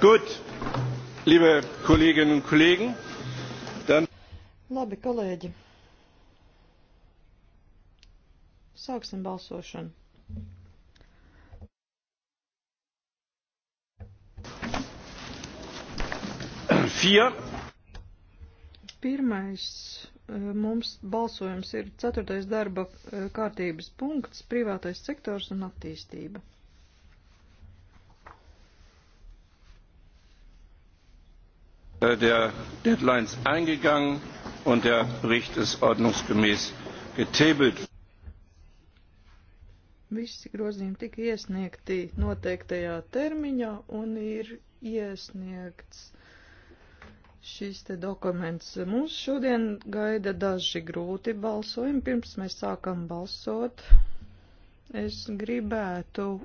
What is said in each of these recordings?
Gut, liebe Kolleginnen und Kollegen, dann. Labi, kolēģi. Sāksim balsošanu. Vier. Pirmais eh, mums balsojums ir ceturtais darba eh, kārtības punkts - privātais sektors un attīstība. Äh, der Deadlines eingegangen und der Bericht ist ordnungsgemäß getabelt. Visi grozījumi tika iesniegti noteiktajā termiņā un ir iesniegts šis te dokuments. Mums šodien gaida daži grūti balsojumi. Pirms mēs sākam balsot, es gribētu uh,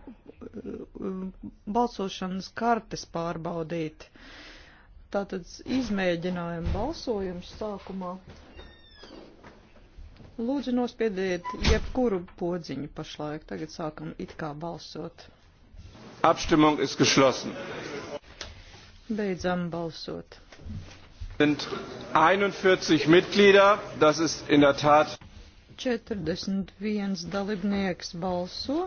balsošanas kartes pārbaudīt. Uh, Tātad izmēģinājumu balsojums sākumā. Lūdzu, nospiediet jebkuru podziņu pašlaik. Tagad sākam it kā balsot. Abstimmung ist geschlossen. Beidzam balsot. Sind 41 Mitglieder, das ist in der Tat. 41 dalībnieks balso,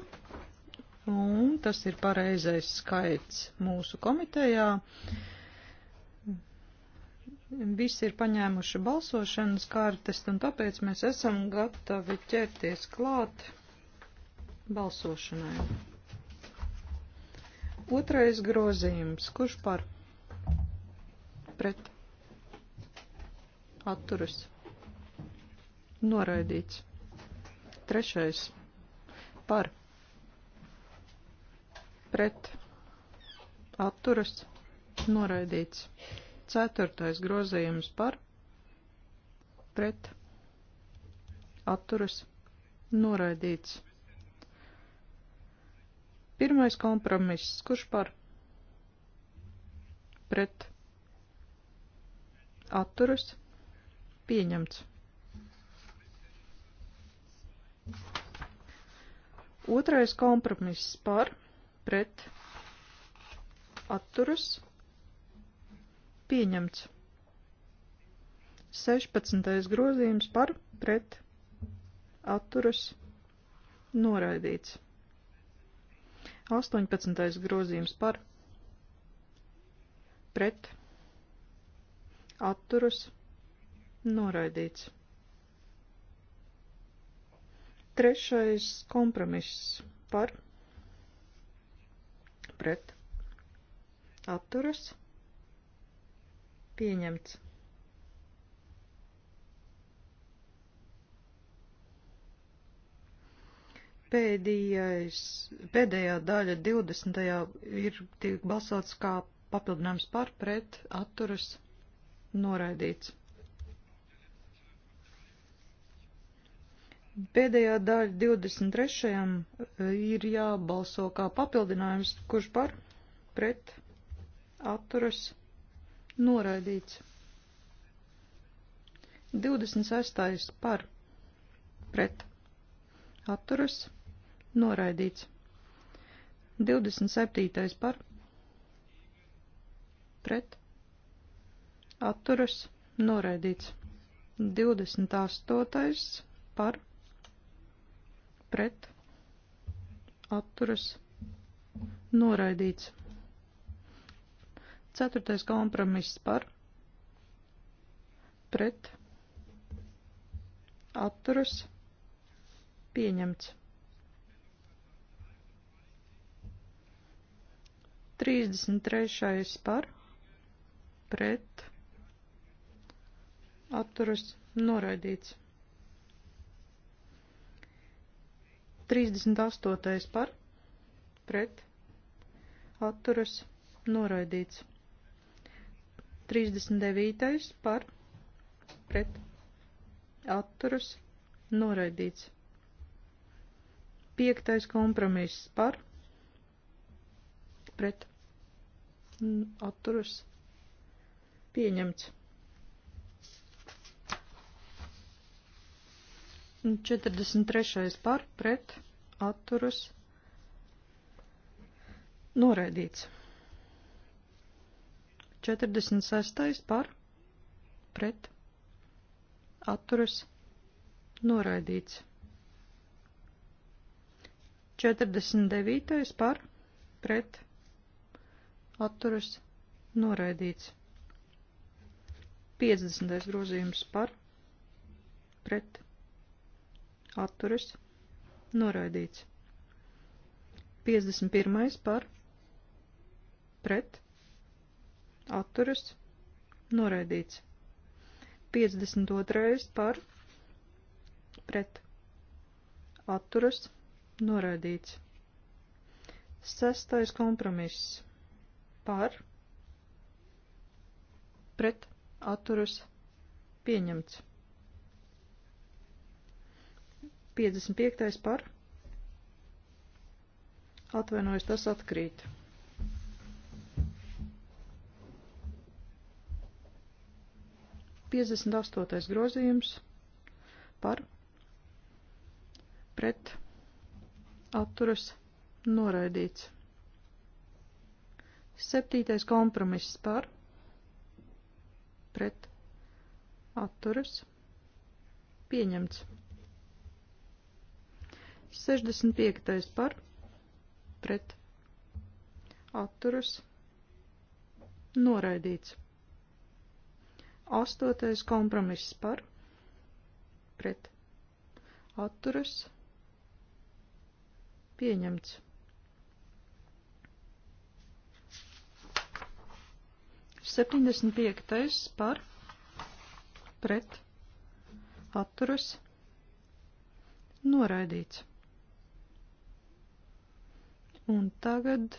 un tas ir pareizais skaits mūsu komitejā. Uh, Visi ir paņēmuši balsošanas kartes, un tāpēc mēs esam gatavi ķerties klāt balsošanai. Otrais grozījums. Kurš par? Pret. Atturas. Noraidīts. Trešais. Par. Pret. Atturas. Noraidīts. Ceturtais grozījums par pret atturas noraidīts. Pirmais kompromiss, kurš par pret atturas pieņemts. Otrais kompromiss par pret atturas pieņemts pieņemts. 16. grozījums par pret atturas noraidīts. 18. grozījums par pret atturas noraidīts. Trešais kompromiss par pret atturas noraidīts Pieņemts. Pēdējais, pēdējā daļa 20. ir tiek balsots kā papildinājums par pret atturas noraidīts. Pēdējā daļa 23. E, ir jābalso kā papildinājums, kurš par pret atturas noraidīts Noraidīts. 26. par pret atturas noraidīts. 27. par pret atturas noraidīts. 28. par pret atturas noraidīts. Ceturtais kompromiss par pret atturas pieņemts. 33. par pret atturas noraidīts. 38. par pret atturas noraidīts. 39. par pret atturas noraidīts. 5. kompromiss par pret atturas pieņemts. 43. par pret atturas noraidīts. 46. par pret atturas noraidīts. 49. par pret atturas noraidīts. 50. grozījums par pret atturas noraidīts. 51. par pret atturas, noraidīts. 52. par, pret, atturas, noraidīts. Sestais kompromiss par, pret, atturas, pieņemts. 55. par, atvainojas, tas atkrīt. 58. grozījums par pret atturas noraidīts. 7. kompromiss par pret atturas pieņemts. 65. par pret atturas noraidīts. Astotais kompromiss par pret atturas pieņemts. Septiņdesmit piektais par pret atturas noraidīts. Un tagad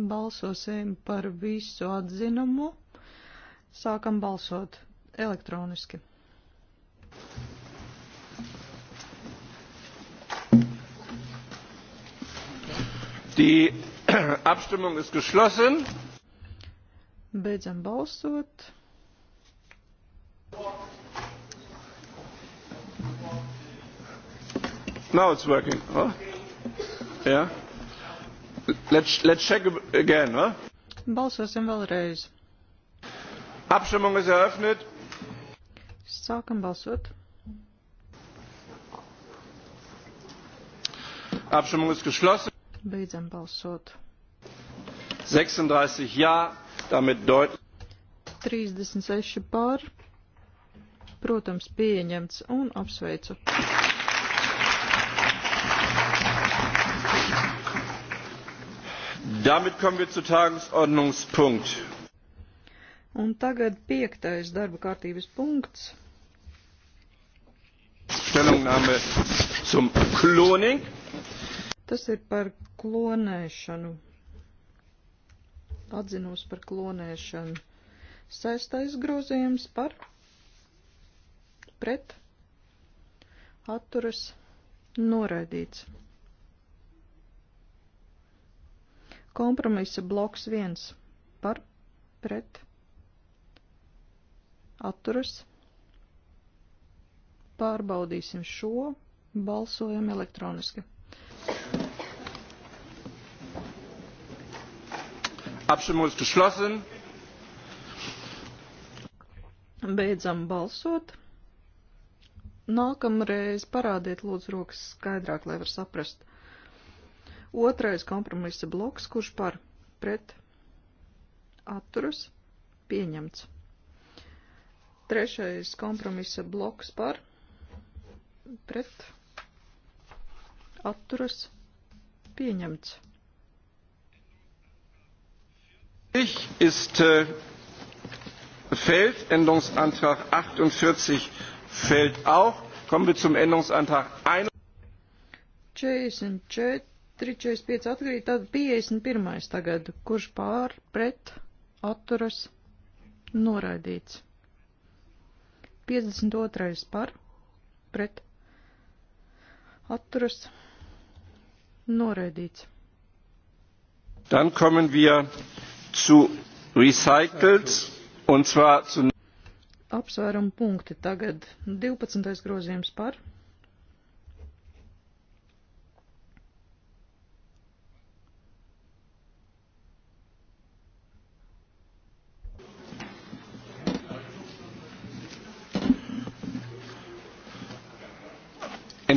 balsosim par visu atzinumu Sākam balsot elektroniski. Die Abstimmung ist geschlossen. Beidzam balsot. Now it's working. Huh? Yeah. Let's, let's check again. Huh? Balsosim vēlreiz. Abstimmung ist eröffnet. Sākam balsot. Abstimmung ist geschlossen. Beidzam balsot. 36 ja, damit deutlich. 36 pār. Protams, pieņemts un apsveicu. Damit kommen wir zu Tagesordnungspunkt Un tagad piektais darba kārtības punkts. Stellungnahme zum Kloning. Tas ir par klonēšanu. Atzinos par klonēšanu. Sestais grozījums par pret atturas noraidīts. Kompromisa bloks viens par pret atturas. Pārbaudīsim šo, balsojam elektroniski. Abstimmung ist geschlossen. Beidzam balsot. Nākamreiz parādiet lūdzu rokas skaidrāk, lai var saprast. Otrais kompromisa bloks, kurš par pret atturas pieņemts. Trešais kompromisa bloks par pret atturas pieņemts. Ist, äh, fällt Änderungsantrag 48 fällt auch. Kommen wir zum Änderungsantrag 41. 345 atkarīgi, tad 51. tagad, kurš pār, pret, atturas, noraidīts. 52. par pret atturas noraidīts. Dann kommen wir zu recycled un zwar zu. Apsvērumu punkti tagad 12. grozījums par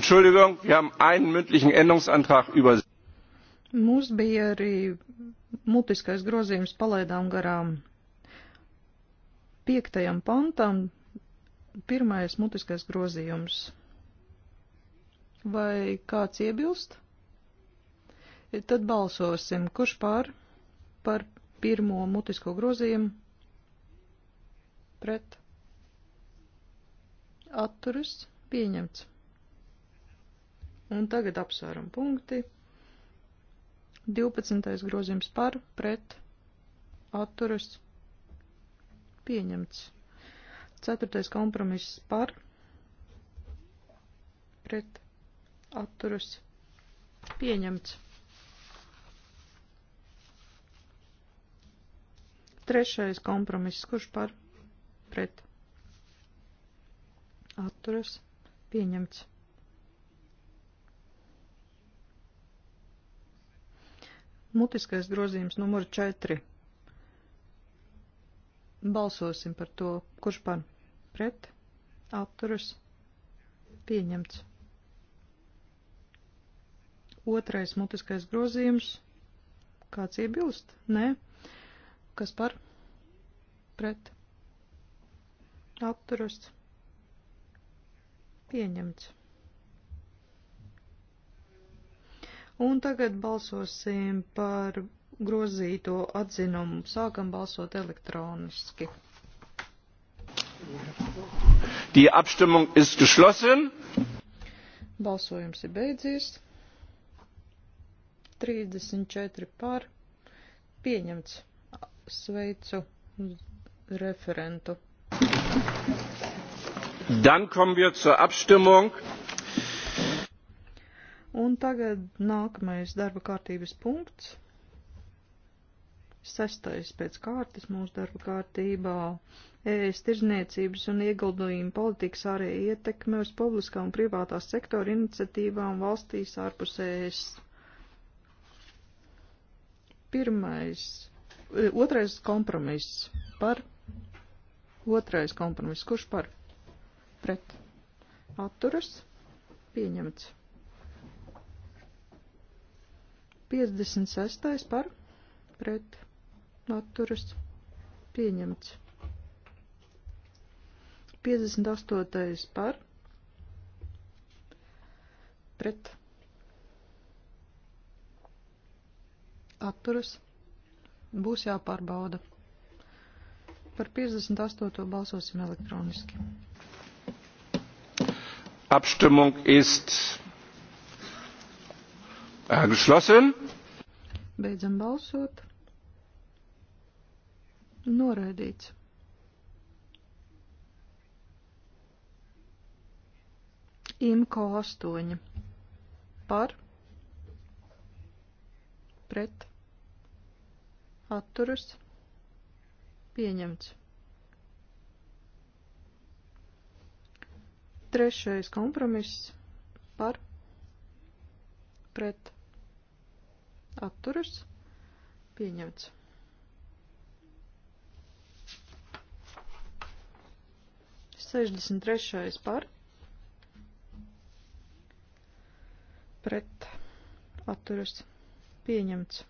Entschuldigung, wir haben einen mündlichen Änderungsantrag übersehen. Mums bija arī mutiskais grozījums palaidām garām. Piektajam pantam pirmais mutiskais grozījums. Vai kāds iebilst? Tad balsosim, kurš pār par pirmo mutisko grozījumu pret atturis pieņemts. Un tagad apsvērum punkti. 12. grozījums par, pret, atturas, pieņemts. 4. kompromiss par, pret, atturas, pieņemts. 3. kompromiss, kurš par, pret, atturas, pieņemts. Mutiskais grozījums numur 4. Balsosim par to, kurš par pret atturas pieņemts. Otrais mutiskais grozījums. Kāds iebilst? Nē. Kas par pret atturas pieņemts. Un tagad balsosim par grozīto atzinumu. Sākam balsot elektroniski. Die Abstimmung ist geschlossen. Balsojums ir beidzies. 34 par. Pieņemts. Sveicu referentu. Dann kommen wir zur Abstimmung Un tagad nākamais darba kārtības punkts. Sestais pēc kārtas mūsu darba kārtībā ēst e tirzniecības un ieguldījuma politikas ārēja ietekme uz publiskā un privātā sektora iniciatīvām valstīs ārpus ēs. E Pirmais, e, otrais kompromiss par Otrais kompromiss. Kurš par? Pret. Atturas. Pieņemts. 56. par pret atturas pieņemts. 58. par pret atturas būs jāpārbauda. Par 58. balsosim elektroniski. Abstimmung ist Äh, geschlossen. Beidzam balsot. Noraidīts. Imko 8. Par. Pret. Atturas. Pieņemts. Trešais kompromiss. Par. Pret atturas pieņemts. Sešdesmit trešais par pret atturas pieņemts.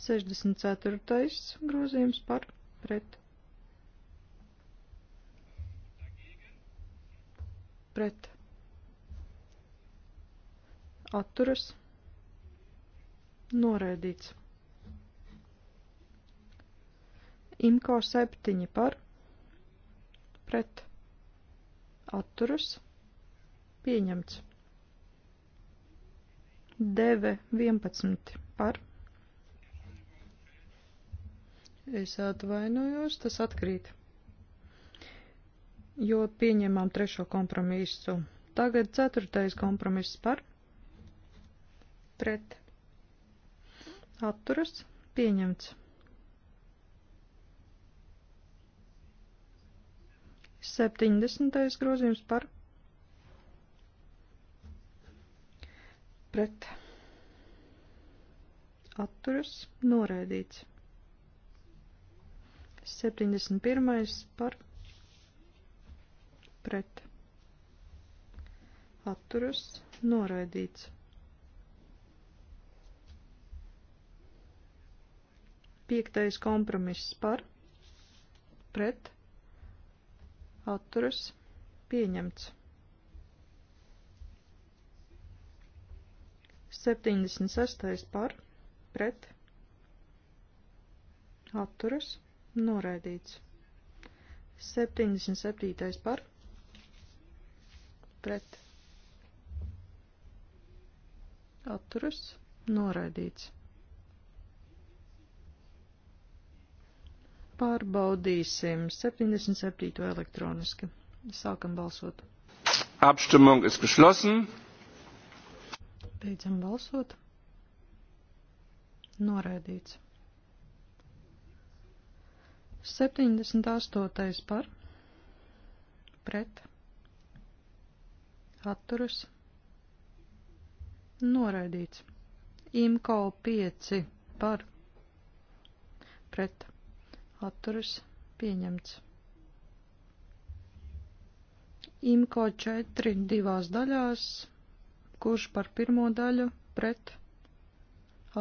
64. grozījums par pret. Pret. Atturas. Noraidīts. Imko 7 par pret atturas pieņemts. Deve 11 par. Es atvainojos, tas atkrīt, jo pieņemām trešo kompromisu. Tagad ceturtais kompromiss par pret Atturas. Pieņemts. 70. grozījums par. Pret. Atturas. Noraidīts. 71. par. Pret. Atturas. Noraidīts. Piektais kompromiss par, pret, atturas, pieņemts. 76. par, pret, atturas, noraidīts. 77. par, pret, atturas, noraidīts. Pārbaudīsim 77. elektroniski. Sākam balsot. Abstimmung ist geschlossen. Beidzam balsot. Noraidīts. 78. par pret atturas noraidīts. Imko 5 par pret atturas pieņemts. Imko 4 divās daļās, kurš par pirmo daļu pret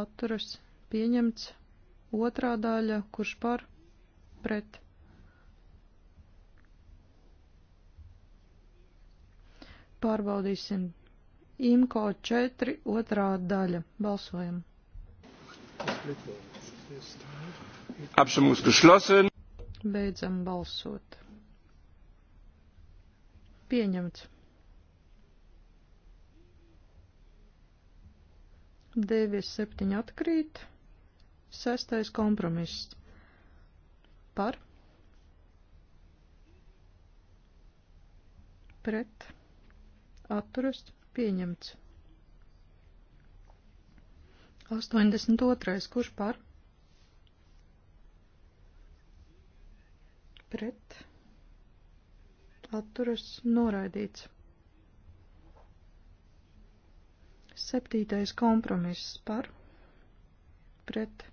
atturas pieņemts, otrā daļa, kurš par pret. Pārbaudīsim. Imko 4 otrā daļa. Balsojam. Yes, Abstimmung ist geschlossen. Beidzam balsot. Pieņemts. Devies septiņi atkrīt. Sestais kompromiss. Par. Pret. Atturas. Pieņemts. 82. Kurš par? pret atturas noraidīts. Septītais kompromiss par pret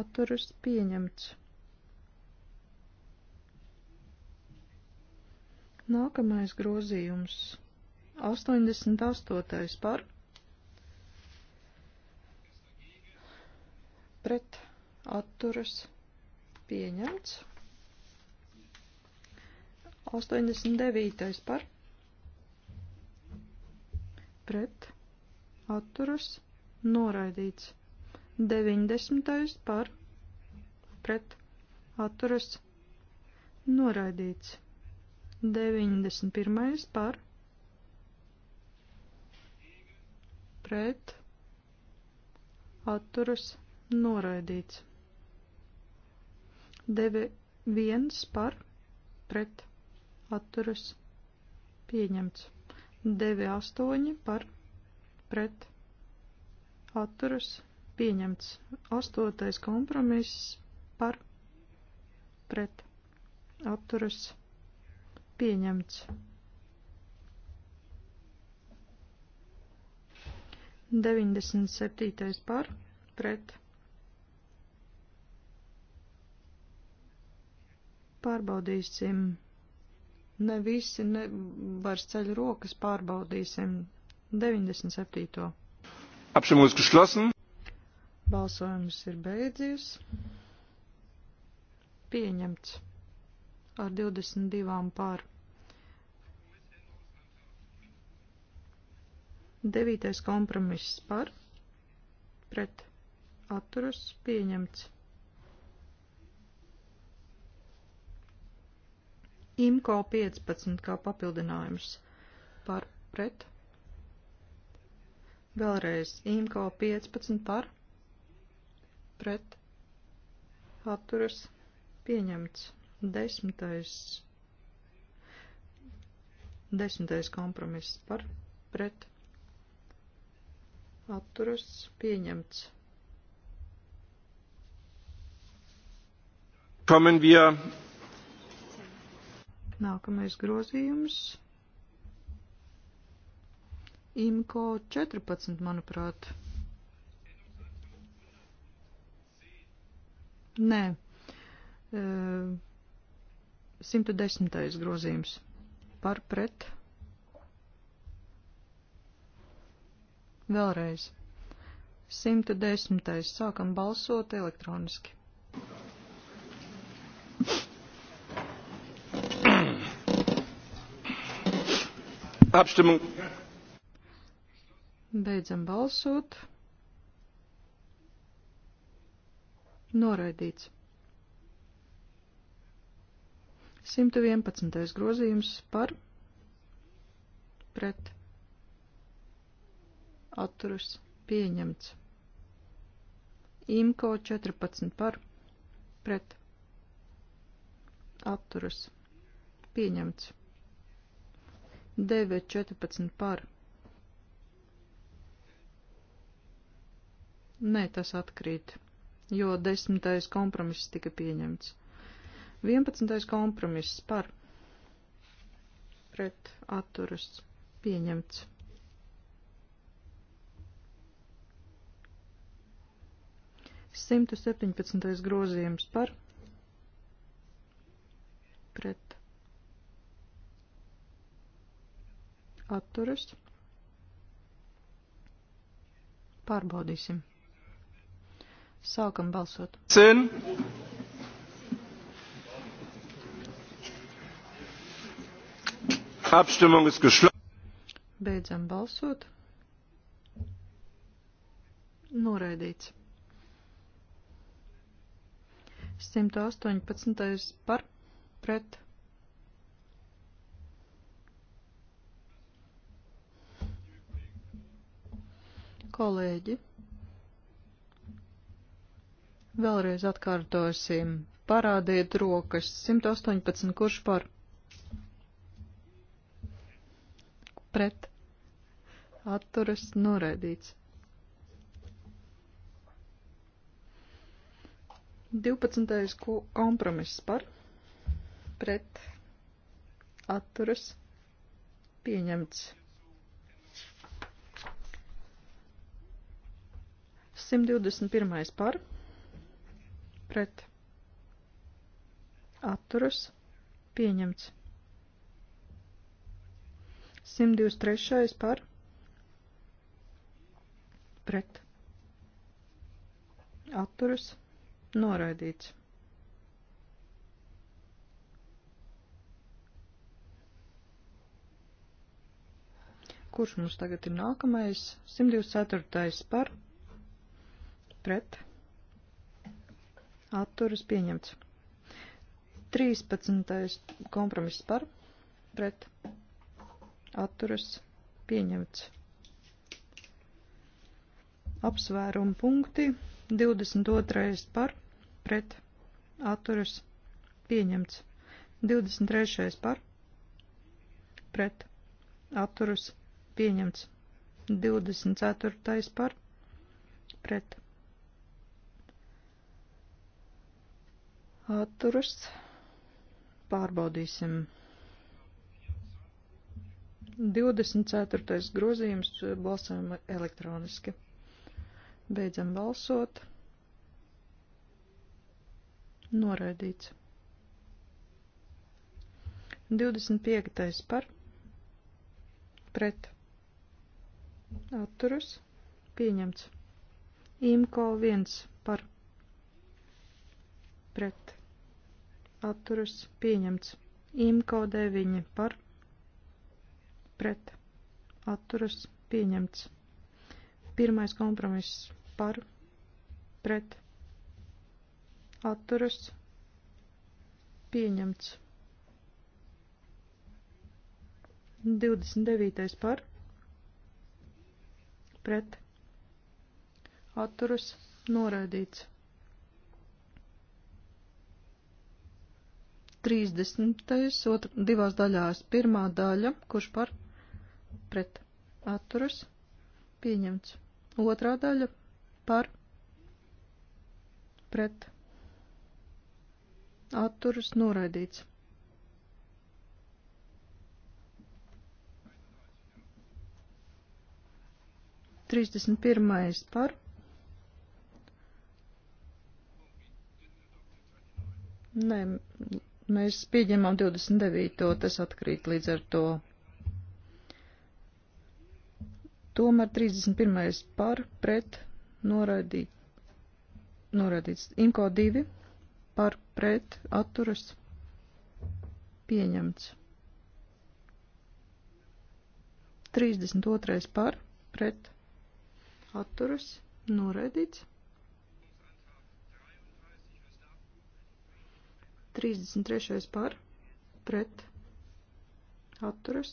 atturas pieņemts. Nākamais grozījums 88. par pret atturas pieņemts pieņemts. 89. par pret atturas noraidīts. 90. par pret atturas noraidīts. 91. par pret atturas noraidīts. 9.1 par pret atturas pieņemts. 9.8 par pret atturas pieņemts. 8. kompromiss par pret atturas pieņemts. 97. par pret atturas pieņemts. Pārbaudīsim. Ne visi ne, vairs ceļ rokas, pārbaudīsim. 97. Apšimums geschlossen. Balsojums ir beidzies. Pieņemts ar 22 pār. Devītais kompromiss par, pret, atturas, pieņemts. IMCO 15 kā papildinājums par pret. Vēlreiz IMCO 15 par pret. Atturas pieņemts. Desmitais. Desmitais kompromiss par pret. Atturas pieņemts. Kommen wir Nākamais grozījums. Imko 14, manuprāt. Nē. E, 110. grozījums par pret. Vēlreiz. 110. sākam balsot elektroniski. Abstimmung. Beidzam balsot. Noraidīts. 111. grozījums par pret atturus pieņemts. Imko 14 par pret atturus pieņemts. 9.14 par. Nē, tas atkrīt, jo 10. kompromiss tika pieņemts. 11. kompromiss par. Pret atturas pieņemts. Simtu septiņpadsmitais grozījums par pret atturas. Pārbaudīsim. Sākam balsot. Cien. Abstimmung ist geschlossen. Beidzam balsot. Noraidīts. 118. par pret Kolēģi, vēlreiz atkārtosim. Parādiet rokas. 118. Kurš par? Pret. Atturas noraidīts. 12. kompromiss par? Pret. Atturas pieņemts. 121. par pret atturas pieņemts. 123. par pret atturas noraidīts. Kurš mums tagad ir nākamais? 124. par pret pret atturas pieņemts. 13. kompromiss par pret atturas pieņemts. Apsvērumu punkti 22. par pret atturas pieņemts. 23. par pret atturas pieņemts. 24. par pret atturas. Pārbaudīsim. 24. grozījums balsojam elektroniski. Beidzam balsot. Noraidīts. 25. par pret atturas pieņemts. Imko 1 par pret atturas pieņemts. Imko 9 par pret atturas pieņemts. Pirmais kompromiss par pret atturas pieņemts. 29. par pret atturas noraidīts. 30. Otra, divās daļās. Pirmā daļa, kurš par pret atturas pieņemts. Otrā daļa par pret atturas noraidīts. Trīsdesmit pirmais par. Nē, Mēs pieņemam 29. tas atkrīt līdz ar to. Tomēr 31. par pret noraidīt, noraidīts. Inko 2 par pret atturas pieņemts. 32. par pret atturas noraidīts. 33. par pret atturas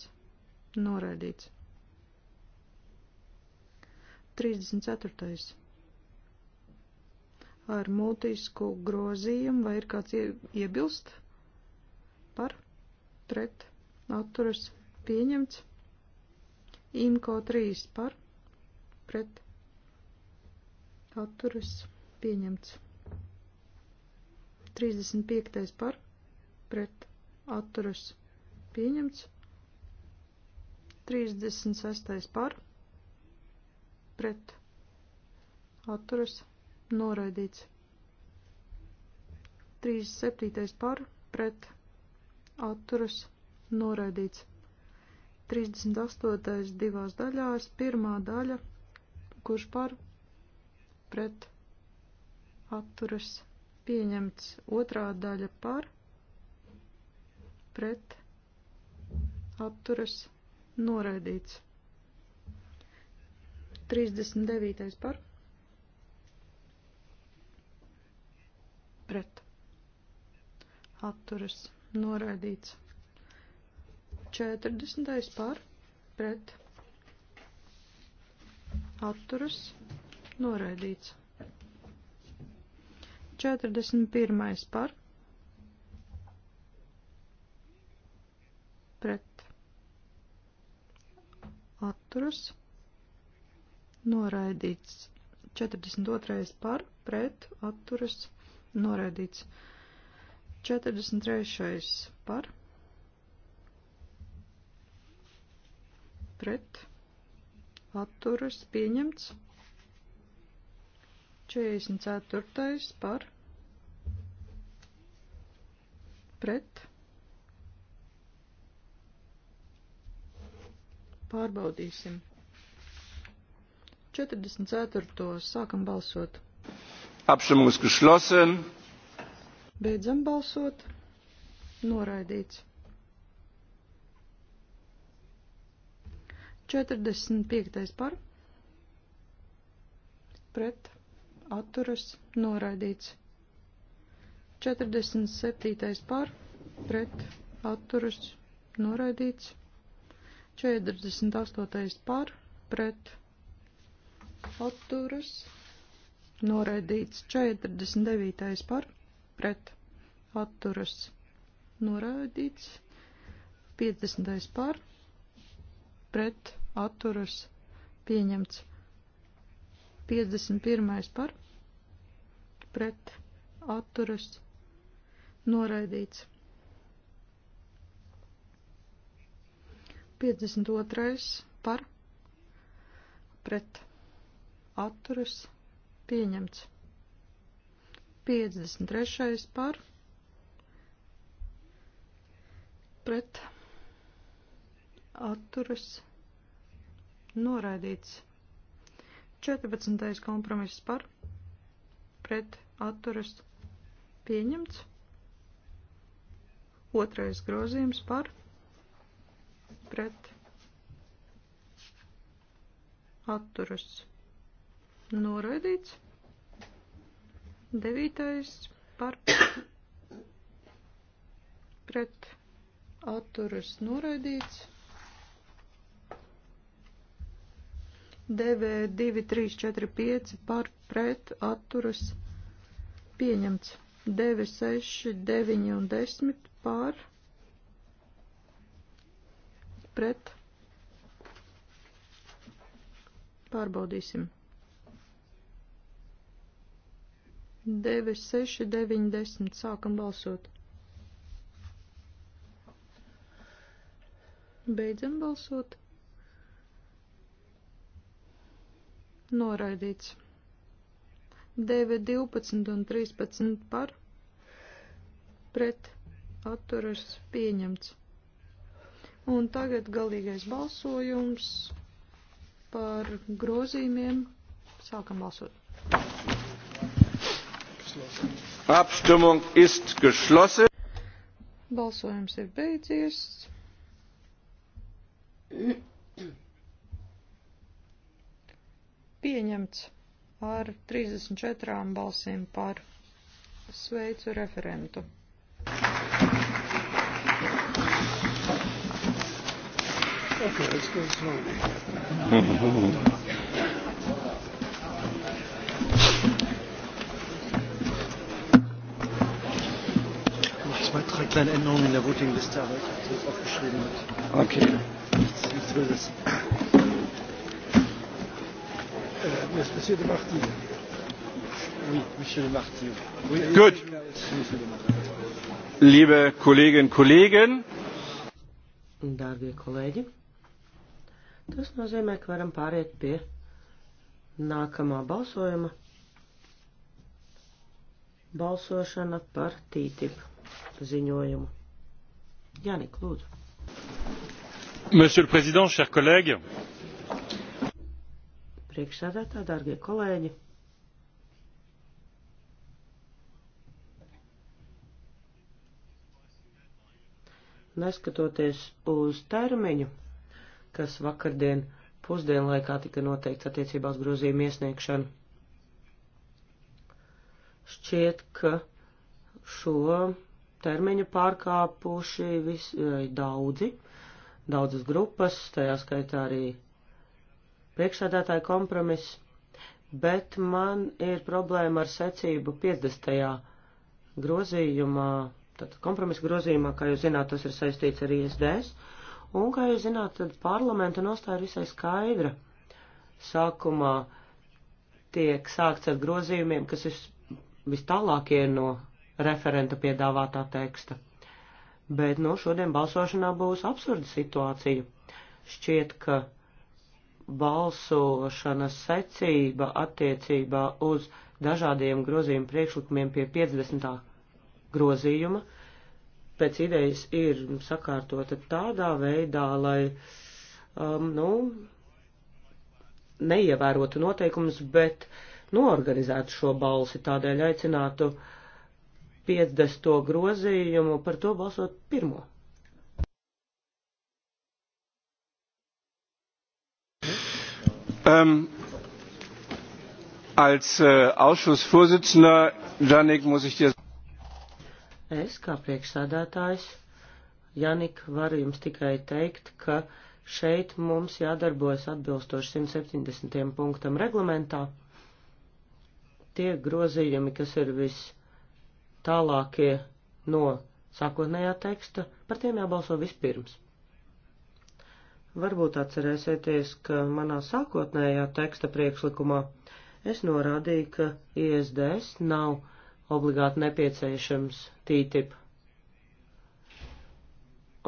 noraidīts. 34. Ar multisku grozījumu vai ir kāds iebilst par pret atturas pieņemts. Imko 3 par pret atturas pieņemts. 35. par pret atturas pieņemts. 36. par pret atturas noraidīts. 37. par pret atturas noraidīts. 38. divās daļās, pirmā daļa, kurš par pret atturas noraidīts pieņemts otrā daļa par, pret, atturas, noraidīts. 39. par, pret, atturas, noraidīts. 40. par, pret, atturas, noraidīts. 41. par pret atturas noraidīts 42. par pret atturas noraidīts 43. par pret atturas pieņemts 44. par pret pārbaudīsim. 44. sākam balsot. Abstimmung ist geschlossen. Beidzam balsot. Noraidīts. 45. par. Pret atturas noraidīts. 47. par pret atturas noraidīts. 48. par pret atturas noraidīts. 49. par pret atturas noraidīts. 50. par pret atturas pieņemts. 51. par pret atturas noraidīts. 52. par pret atturas pieņemts. 53. par pret atturas noraidīts. 14. kompromiss par pret atturas pieņemts. Otrais grozījums par pret atturas noraidīts. Devītais par pret atturas noraidīts. DV 2, 3, 4, 5 par pret atturas noraidīts pieņemts 9, 6, 9 un 10 pār pret pārbaudīsim 9, 6, 9, 10 sākam balsot beidzam balsot noraidīts 912 un 13 par pret atturas pieņemts. Un tagad galīgais balsojums par grozījumiem. Sākam balsot. Abstimmung ist geschlossen. Balsojums ir beidzies. Pieņemts ar 34 balsīm par. Sveicu referentu. Okay, let's go slowly. Zwei, drei kleine Änderungen in der Voting-Liste, aber ich habe sie jetzt aufgeschrieben. Okay. Nichts, nichts Wildes. Euh, monsieur de Marty. Oui, Monsieur de Marty. Oui, Gut. Liebe Kolleginnen und Kollegen. Dārgie kolēģi, tas nozīmē, ka varam pāriet pie nākamā balsojuma. Balsošana par TTIP ziņojumu. Janik, lūdzu. Monsieur le Président, chers collègues, priekšsēdētā, dārgie kolēģi. Neskatoties uz termiņu, kas vakardien pusdienlaikā tika noteikts attiecībā uz grozījumu iesniegšanu, šķiet, ka šo termiņu pārkāpuši visi, eh, daudzi, daudzas grupas, tajā skaitā arī priekšsādātāja kompromiss, bet man ir problēma ar secību 50. grozījumā, tad kompromisa grozījumā, kā jūs zināt, tas ir saistīts ar ISDS, un, kā jūs zināt, tad parlamenta nostāja ir visai skaidra. Sākumā tiek sākts ar grozījumiem, kas ir vis tālākie no referenta piedāvātā teksta. Bet, nu, šodien balsošanā būs absurda situācija. Šķiet, ka balsošanas secība attiecībā uz dažādiem grozījumu priekšlikumiem pie 50. grozījuma pēc idejas ir sakārtota tādā veidā, lai, um, nu, neievērotu noteikumus, bet noorganizētu šo balsi, tādēļ aicinātu 50. grozījumu par to balsot pirmo. Ähm, als äh, Ausschussvorsitzender, Janik, muss ich dir. Es kā priekšsādātājs, Janik, varu jums tikai teikt, ka šeit mums jādarbojas atbilstoši 170. punktam reglamentā. Tie grozījumi, kas ir vis tālākie no sākotnējā teksta, par tiem jābalso vispirms. Varbūt atcerēsieties, ka manā sākotnējā teksta priekšlikumā es norādīju, ka ISDS nav obligāti nepieciešams TTIP.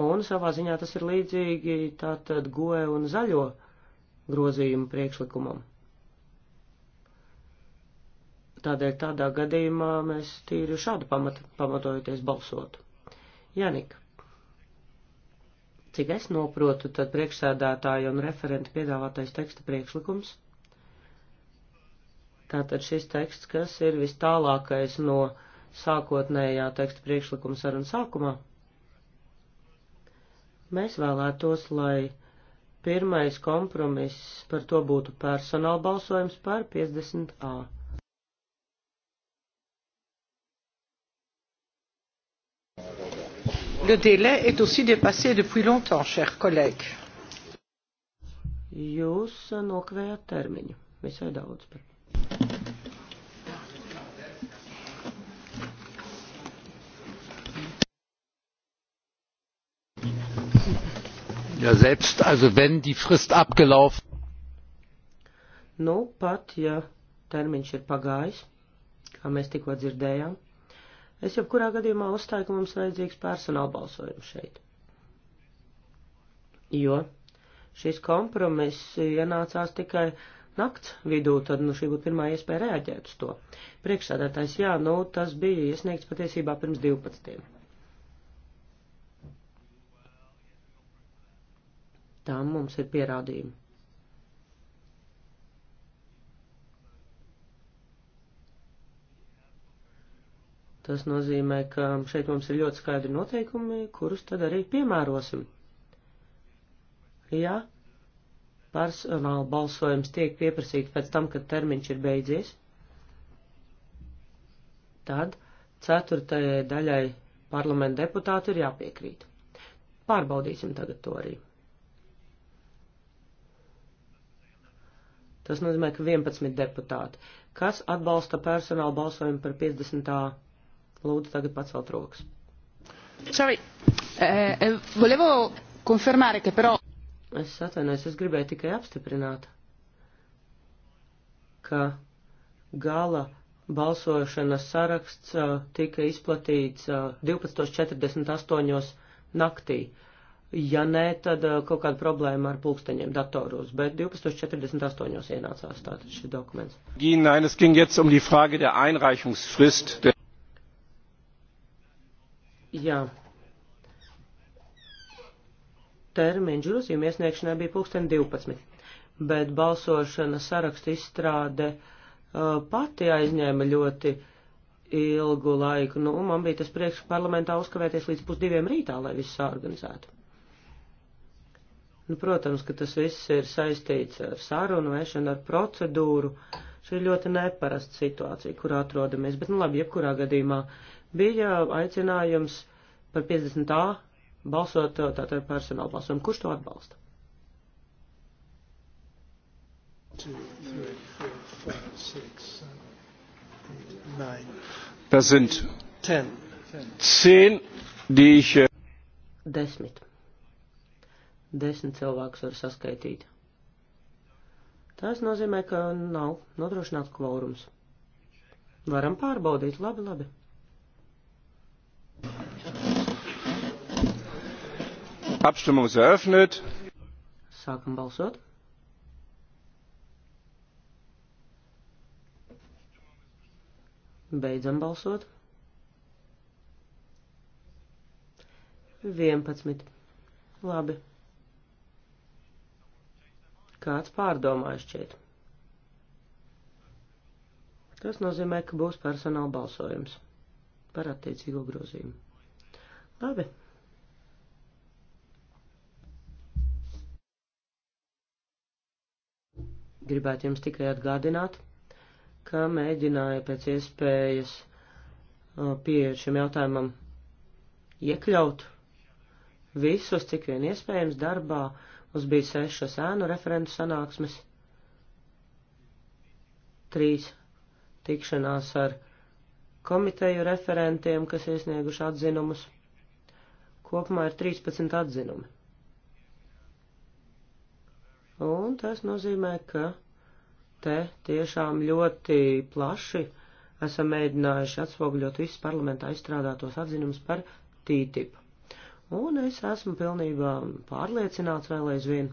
Un savā ziņā tas ir līdzīgi tātad goe un zaļo grozījumu priekšlikumam. Tādēļ tādā gadījumā mēs tīri šādu pamatu, pamatojoties balsotu. Janika. Cik es noprotu, tad priekšsēdētāja un referenta piedāvātais teksta priekšlikums. Tātad šis teksts, kas ir vis tālākais no sākotnējā teksta priekšlikuma saruna sākumā, mēs vēlētos, lai pirmais kompromiss par to būtu personāla balsojums par 50A. le délai est aussi dépassé depuis longtemps, chers collègues. Jūs nokavējāt termiņu visai daudz. Ja, selbst, also wenn die Frist abgelaufen. Nu, pat, ja termiņš ir pagājis, kā mēs tikko dzirdējām, Es jebkurā gadījumā uzstāju, ka mums vajadzīgs personāla balsojums šeit. Jo šis kompromiss ienācās tikai nakts vidū, tad nu, šī būtu pirmā iespēja reaģēt uz to. Priekšsēdētājs, jā, nu, tas bija iesniegts patiesībā pirms 12. Tam mums ir pierādījumi. Tas nozīmē, ka šeit mums ir ļoti skaidri noteikumi, kurus tad arī piemērosim. Ja personāla balsojums tiek pieprasīts pēc tam, kad termiņš ir beidzies, tad ceturtajai daļai parlamenta deputātu ir jāpiekrīt. Pārbaudīsim tagad to arī. Tas nozīmē, ka 11 deputāti, kas atbalsta personālu balsojumu par 50. Lūdzu, tagad pacelt rokas. Sorry. Eh, eh, volevo confermare, ka però. Es atvainojos, es gribēju tikai apstiprināt, ka gala balsošanas saraksts uh, tika izplatīts uh, eh, 12.48 naktī. Ja nē, tad uh, kaut kāda problēma ar pulksteņiem datoros, bet 12.48 ienācās tātad šis dokuments. Nein, es ging jetzt um die Frage der Einreichungsfrist. Der Jā. Termiņš grozījuma iesniegšanai bija pulksten 12, bet balsošanas sarakstu izstrāde uh, pati aizņēma ļoti ilgu laiku. Nu, man bija tas prieks parlamentā uzkavēties līdz pusdiviem rītā, lai viss sāorganizētu. Nu, protams, ka tas viss ir saistīts ar sarunu vešanu, ar procedūru. Šī ir ļoti neparasta situācija, kur atrodamies, bet, nu, labi, jebkurā gadījumā uh, bija aicinājums par 50A balsot uh, tātad personāla balsojumu. Kurš to atbalsta? Das sind zehn, die ich. Äh, Desmit. Desmit cilvēkus var saskaitīt. Tas nozīmē, ka nav nodrošināts kvorums. Varam pārbaudīt, labi, labi. Abstimmung ist eröffnet. Sākam balsot. Beidzam balsot. 11. Labi. Kāds pārdomāja šķiet. Tas nozīmē, ka būs personāla balsojums par attiecīgo grozījumu. Labi. Gribētu jums tikai atgādināt, ka mēģināju pēc iespējas uh, pieeju šim jautājumam iekļaut visus, cik vien iespējams, darbā. Mums bija sešas ēnu referentu sanāksmes, trīs tikšanās ar komiteju referentiem, kas iesnieguši atzinumus. Kopumā ir 13 atzinumi. Un tas nozīmē, ka te tiešām ļoti plaši esam mēģinājuši atspoguļot visus parlamentā izstrādātos atzinumus par TTIP. Un es esmu pilnībā pārliecināts vēl aizvien,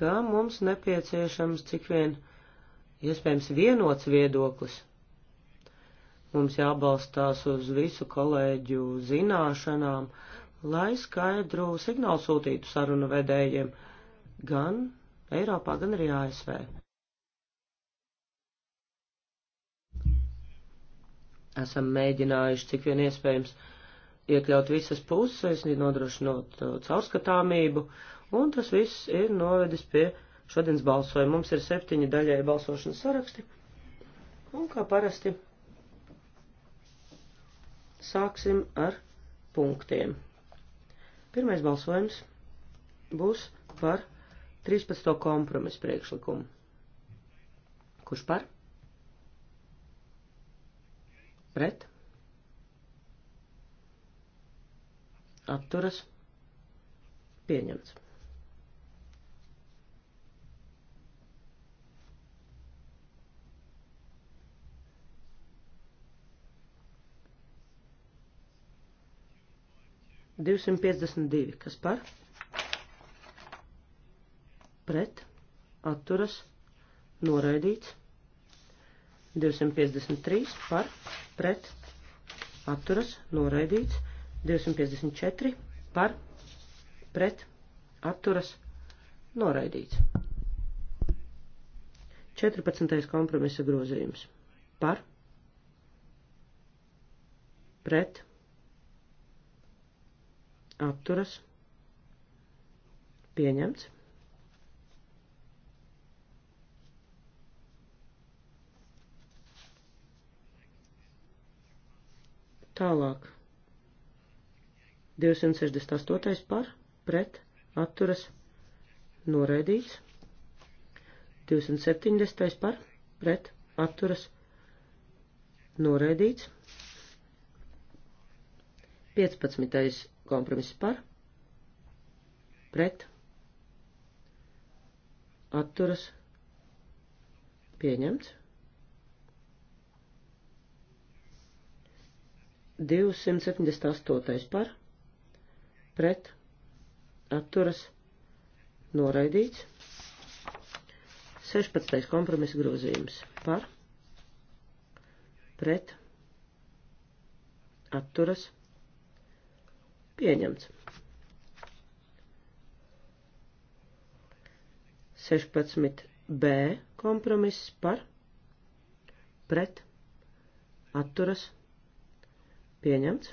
ka mums nepieciešams cik vien iespējams vienots viedoklis. Mums jābalstās uz visu kolēģu zināšanām, lai skaidru signālu sūtītu sarunu vedējiem gan Eiropā, gan arī ASV. Esam mēģinājuši, cik vien iespējams, iekļaut visas puses, nodrošinot uh, caurskatāmību, un tas viss ir novedis pie šodienas balsojuma. Mums ir septiņi daļai balsošanas saraksti, un kā parasti sāksim ar punktiem. Pirmais balsojums būs par 13. kompromisu priekšlikumu. Kurš par? Pret? Atturas? Pieņemts. 252. Kas par? Pret. Atturas. Noraidīts. 253. Par. Pret. Atturas. Noraidīts. 254. Par. Pret. Atturas. Noraidīts. 14. kompromisa grozījums. Par. Pret atturas, pieņemts. Tālāk. 268. par, pret, atturas, noraidīts. 270. par, pret, atturas, noraidīts. 15 kompromiss par, pret, atturas, pieņemts. 278 par, pret, atturas, noraidīts. 16. kompromisa grozījums par, pret, atturas, noraidīts Pieņemts. 16b kompromiss par pret atturas pieņemts.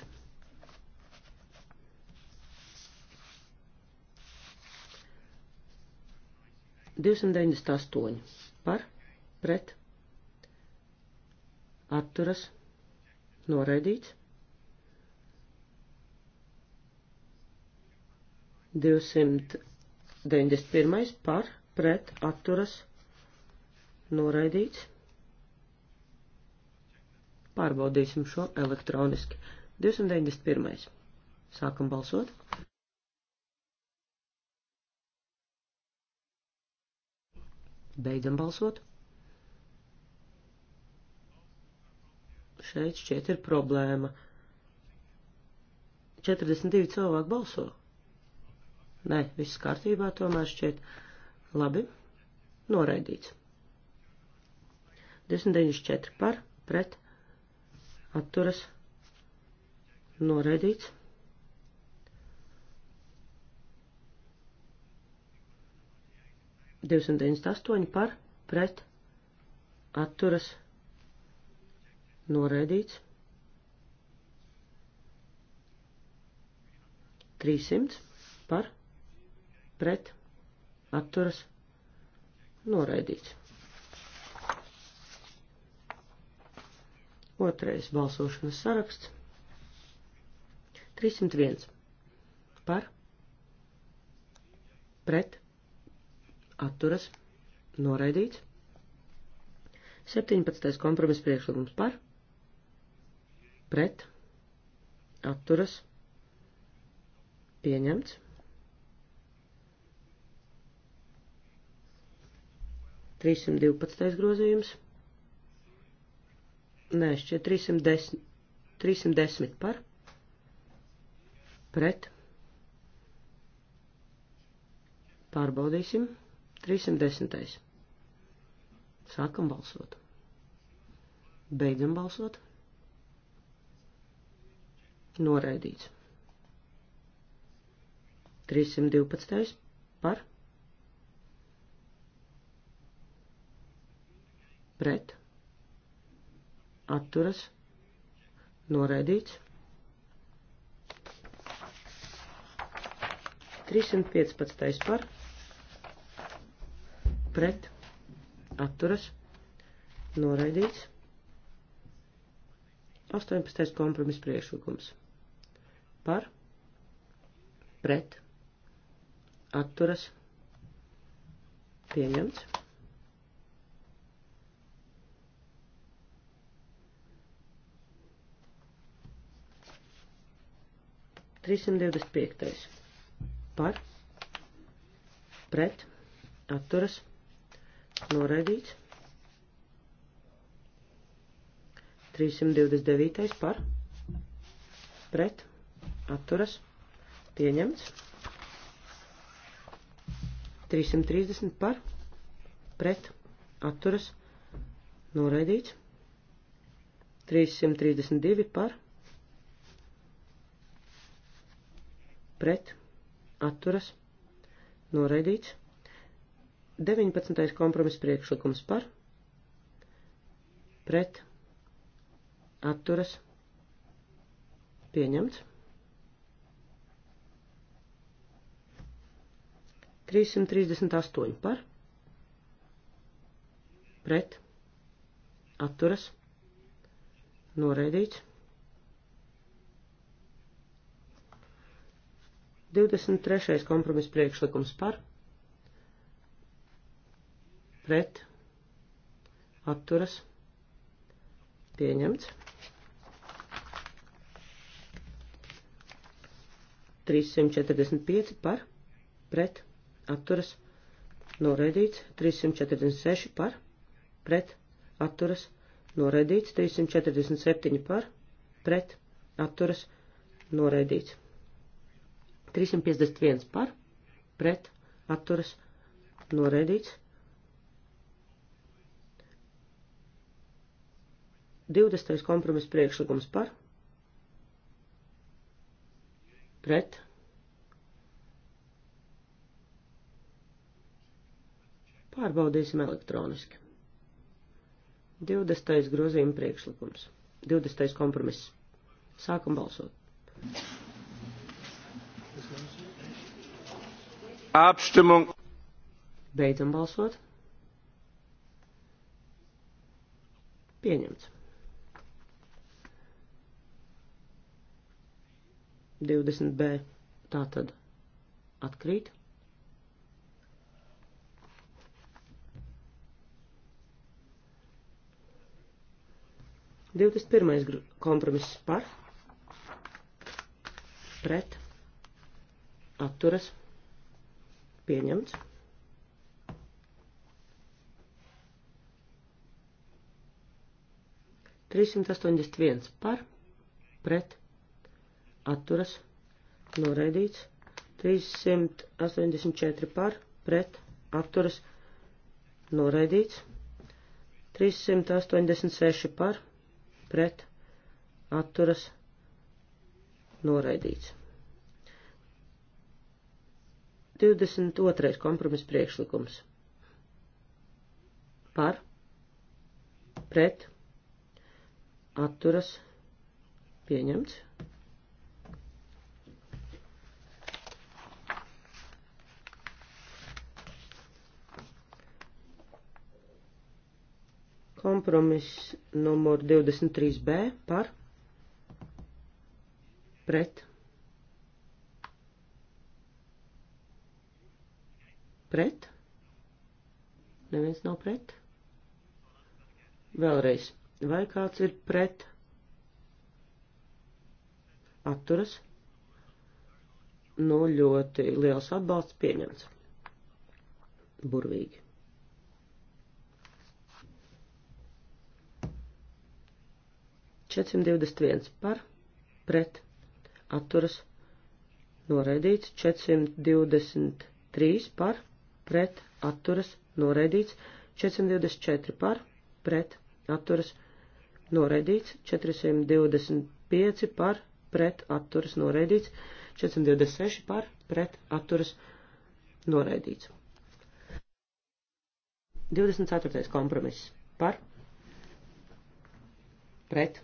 Divsimt deviņdesmit astoņi par pret atturas noraidīts. 291 par pret atturas noraidīts. Pārbaudīsim šo elektroniski. 291. Sākam balsot. Beidzam balsot. Šeit šķiet ir problēma. 42 cilvēki balso. Nē, viss kārtībā tomēr šķiet. Labi, noraidīts. 294 par, pret, atturas, noraidīts. Divsimt deviņdesmit astoņi par, pret, atturas, noraidīts. 300 par pret, atturas, noraidīts. Otrais balsošanas saraksts. 301. Par, pret, atturas, noraidīts. 17. kompromiss priekšlikums par, pret, atturas, pieņemts. 312. grozījums. Nē, šķiet 310, 310 par. Pret. Pārbaudīsim. 310. Sākam balsot. Beidzam balsot. Noraidīts. 312. par. pret, atturas, noraidīts. 315. par, pret, atturas, noraidīts. 18. kompromis priekšlikums par, pret, atturas, pieņemts. 325. par pret atturas noraidīts. 329. par pret atturas pieņemts. 330 par pret atturas noraidīts. 332 par pret pret, atturas, noraidīts. 19. kompromiss priekšlikums par, pret, atturas, pieņemts. 338 par, pret, atturas, noraidīts. 23. kompromiss priekšlikums par, pret, atturas, pieņemts. 345 par, pret, atturas, noraidīts, 346 par, pret, atturas, noraidīts, 347 par, pret, atturas, noraidīts. 351 par, pret, atturas, noraidīts. 20. kompromiss priekšlikums par, pret, pārbaudīsim elektroniski. 20. grozījuma priekšlikums, 20. kompromiss. Sākam balsot. Abstimmung. Beidzam balsot. Pieņemts. 20b. Tātad atkrīt. Divdesmit pirmais kompromiss par, pret, atturas. Pieņemts. Trīsimt astoņdesmit viens par, pret, atturas, noraidīts. 384 par, pret, atturas, noraidīts. 386 par, pret, atturas, noraidīts. 22. kompromis priekšlikums. Par, pret, atturas, pieņemts. Kompromis numur 23b par, pret, atturas Pret? Neviens nav pret? Vēlreiz. Vai kāds ir pret? Atturas? Nu, ļoti liels atbalsts pieņemts. Burvīgi. Četrsimt divdesmit viens par, pret, atturas, noraidīts, četrsimt divdesmit trīs par, pret atturas noraidīts, 424 par pret atturas noraidīts, 425 par pret atturas noraidīts, 426 par pret atturas noraidīts. 24. kompromiss par pret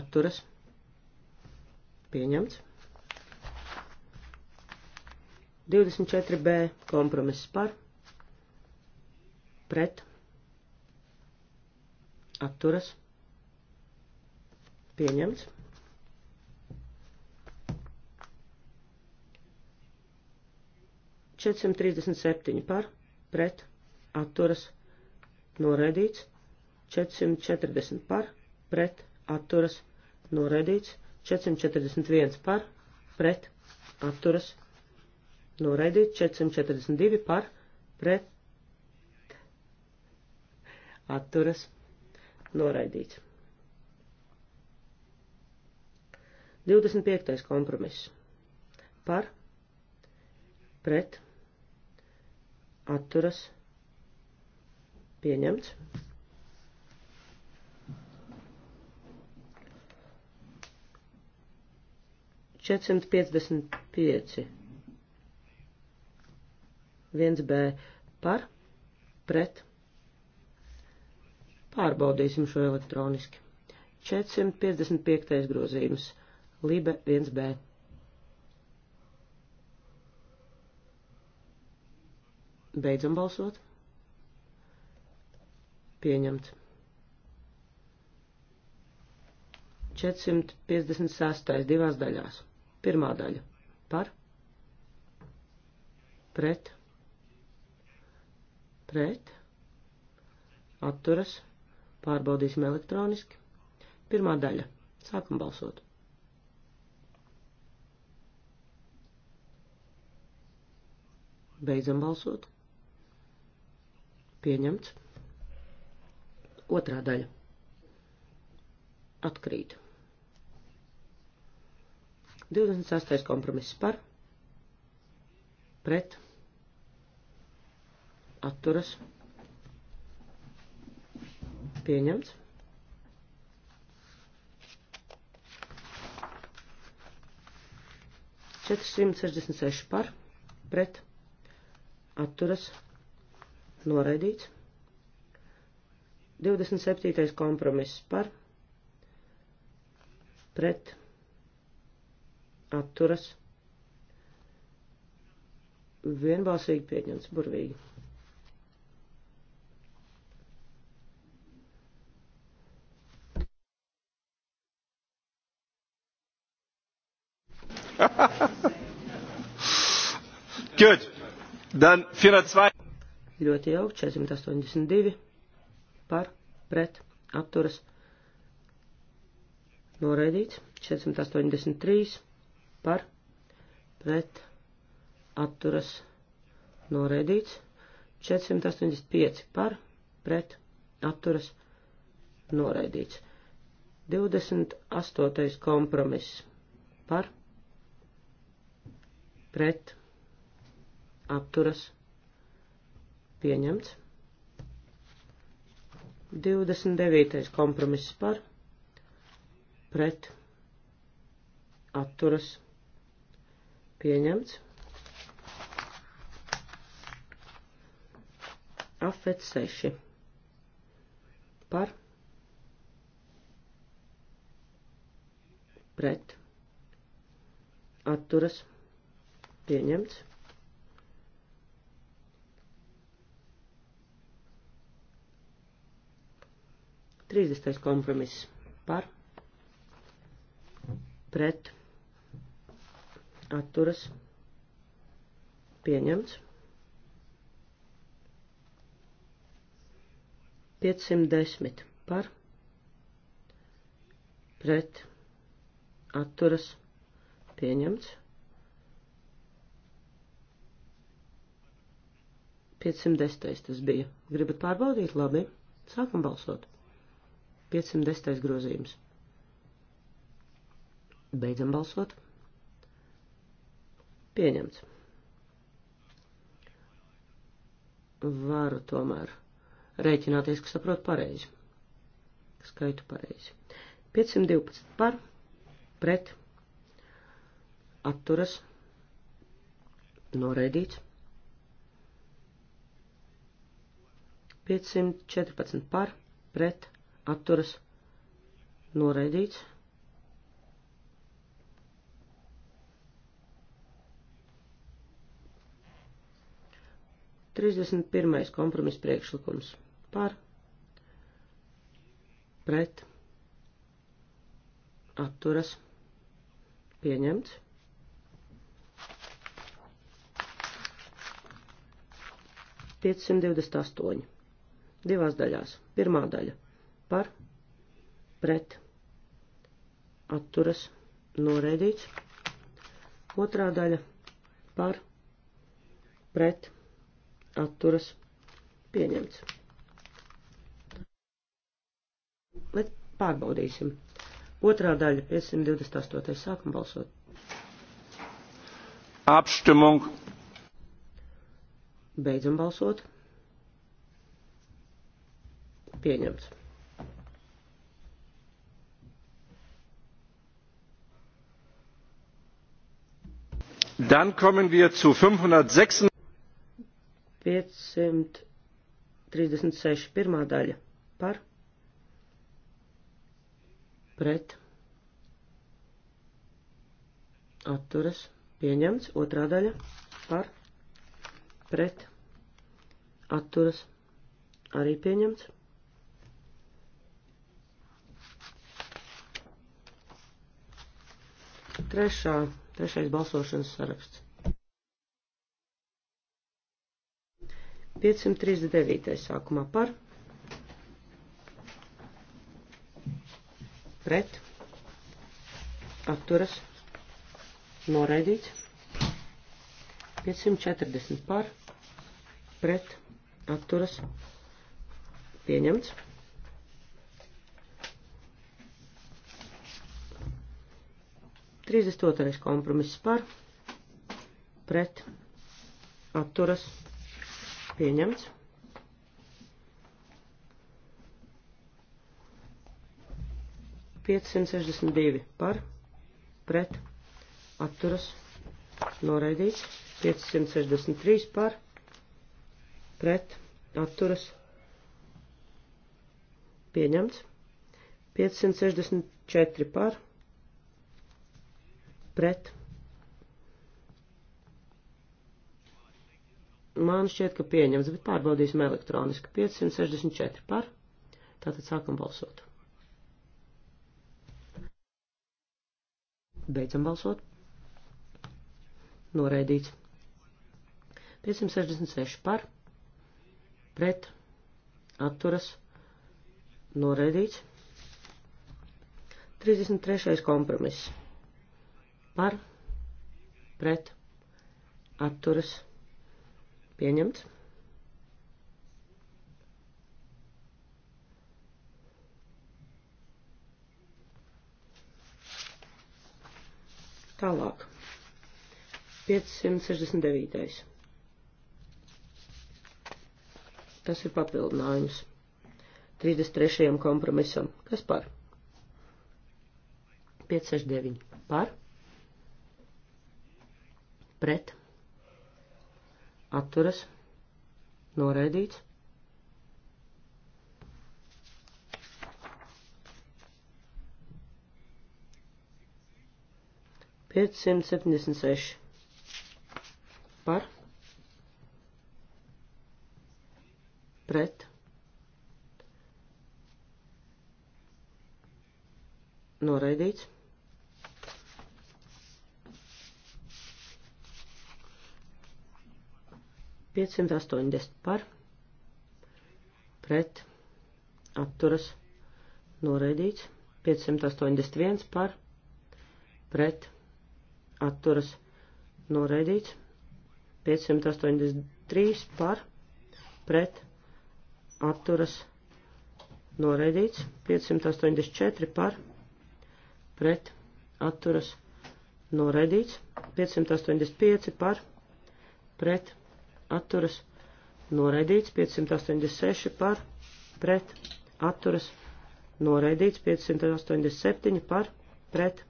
atturas pieņemts. 24b kompromiss par, pret, atturas, pieņemts. Četrsimt trīsdesmit septiņi par, pret, atturas, noraidīts. 440 par, pret, atturas, noraidīts, 441 par, pret, atturas, noraidīts 442 par pret atturas noraidīts. 25. kompromiss par pret atturas pieņemts. Četrsimt piecdesmit pieci 1B par pret. Pārbaudīsim šo elektroniski. 455. grozījums. Libe 1B. Beidzam balsot. Pieņemts. 456. divās daļās. Pirmā daļa par, pret, pret, atturas, pārbaudīsim elektroniski. Pirmā daļa. Sākam balsot. Beidzam balsot. Pieņemts. Otrā daļa. Atkrīt. 26. kompromiss par, pret, atturas pieņemts. Četrsimt sešdesmit seši par, pret, atturas, noraidīts. 27. kompromiss par, pret, atturas, vienbalsīgi pieņemts burvīgi. Good. Then 402. Ļoti jauki, 482 par pret atturas noraidīts, 483 par pret atturas noraidīts, 485 par pret atturas noraidīts, 28. kompromiss par pret pret, apturas, pieņemts. 29. kompromiss par, pret, atturas, pieņemts. Afet 6 par, pret, atturas, pieņemts Pieņemts. Trīsdesmitais kompromiss par, pret, atturas, pieņemts. 510 par, pret, atturas, pieņemts. 510. tas bija. Gribat pārbaudīt? Labi. Sākam balsot. 510. grozījums. Beidzam balsot. Pieņemts. Varu tomēr rēķināties, ka saprotu pareizi. Skaitu pareizi. 512 par, pret, atturas, noraidīts. 514 par, pret, atturas, noraidīts. Trīsdesmit pirmais kompromis priekšlikums par, pret, atturas, pieņemts. 528 divās daļās. Pirmā daļa par, pret, atturas, noraidīts. Otrā daļa par, pret, atturas, pieņemts. Bet pārbaudīsim. Otrā daļa 528. sākam balsot. Abstimmung. Beidzam balsot pieņemts. Dann kommen wir zu 506. 536. Pirmā daļa par pret atturas pieņemts. Otrā daļa par pret atturas arī pieņemts. Trešā, trešais balsošanas saraksts. 539. sākumā par. Pret. Atturas. Noraidīts. 540 par. Pret. Atturas. Pieņemts. 32. kompromiss par, pret, atturas, pieņemts. Piecsimt sešdesmit divi par, pret, atturas, noraidīts. Piecsimt sešdesmit trīs par, pret, atturas, pieņemts. Piecsimt sešdesmit četri par, pret pret. Man šķiet, ka pieņems, bet pārbaudīsim elektroniski. 564 par. Tātad sākam balsot. Beidzam balsot. Noraidīts. 566 par. Pret. Atturas. Noraidīts. 33. kompromiss par pret atturas pieņemts. Tālāk. 569. Tas ir papildinājums 33. kompromisam. Kas par? 569. Par? pret, atturas, noraidīts. Piecsimt septiņdesmit seši par, pret, noraidīts. 580 par pret atturas noraidīts. 581 par pret atturas noraidīts. 583 par pret atturas noraidīts. 584 par pret atturas noraidīts. 585 par pret atturas noraidīts noraidīts, 585 par pret atturas noraidīts 586 par pret atturas noraidīts 587 par pret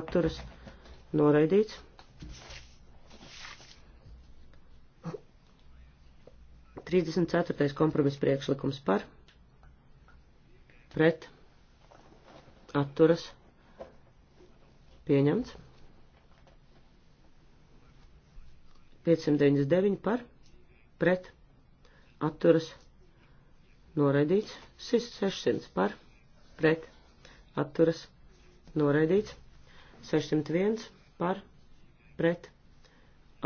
atturas noraidīts. Trīsdesmit ceturtais kompromis priekšlikums par pret atturas pieņemts. 599 par pret pret, atturas, noraidīts, 600 par, pret, atturas, noraidīts, 601 par, pret,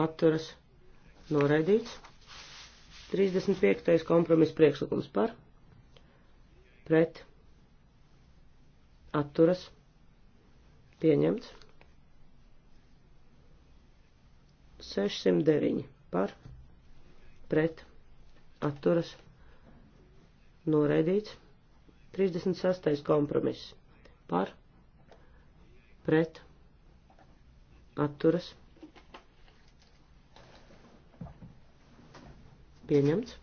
atturas, noraidīts, 35. kompromis priekšlikums par, pret, atturas, pieņemts, 609 par, pret, pret atturas noraidīts. 36. kompromiss par pret atturas pieņemts.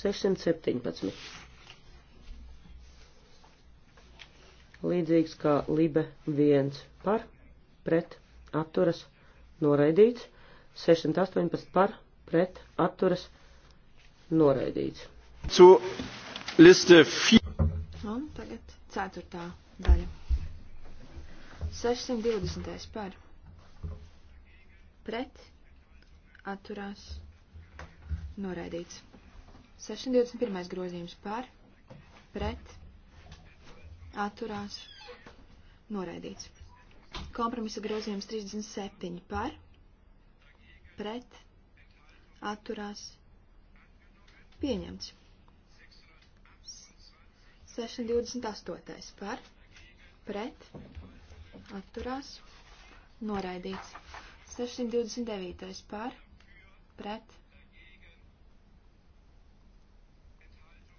617. Līdzīgs kā libe 1 par, pret, atturas, noraidīts, 618 par, pret, atturas, noraidīts. Zu liste 4. Un tagad ceturtā daļa. 620. par. Pret. Atturās. Noraidīts. 621. grozījums par, pret, atturās, noraidīts. Kompromisa grozījums 37 par, pret, atturās, pieņemts. 628. par, pret, atturās, noraidīts. 629. par, pret,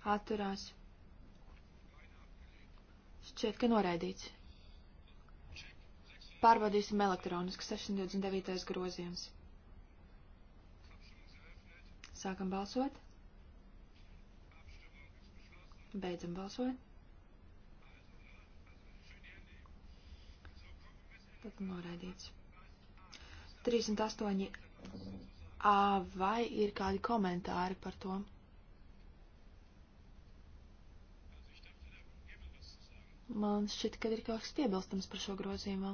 atturās. Šķiet, ka noraidīts. Pārbaudīsim elektroniski 629. grozījums. Sākam balsot. Beidzam balsot. Tad noraidīts. 308. Ā, vai ir kādi komentāri par to? Man šķiet, ka ir kaut kas piebilstams par šo grozījumu.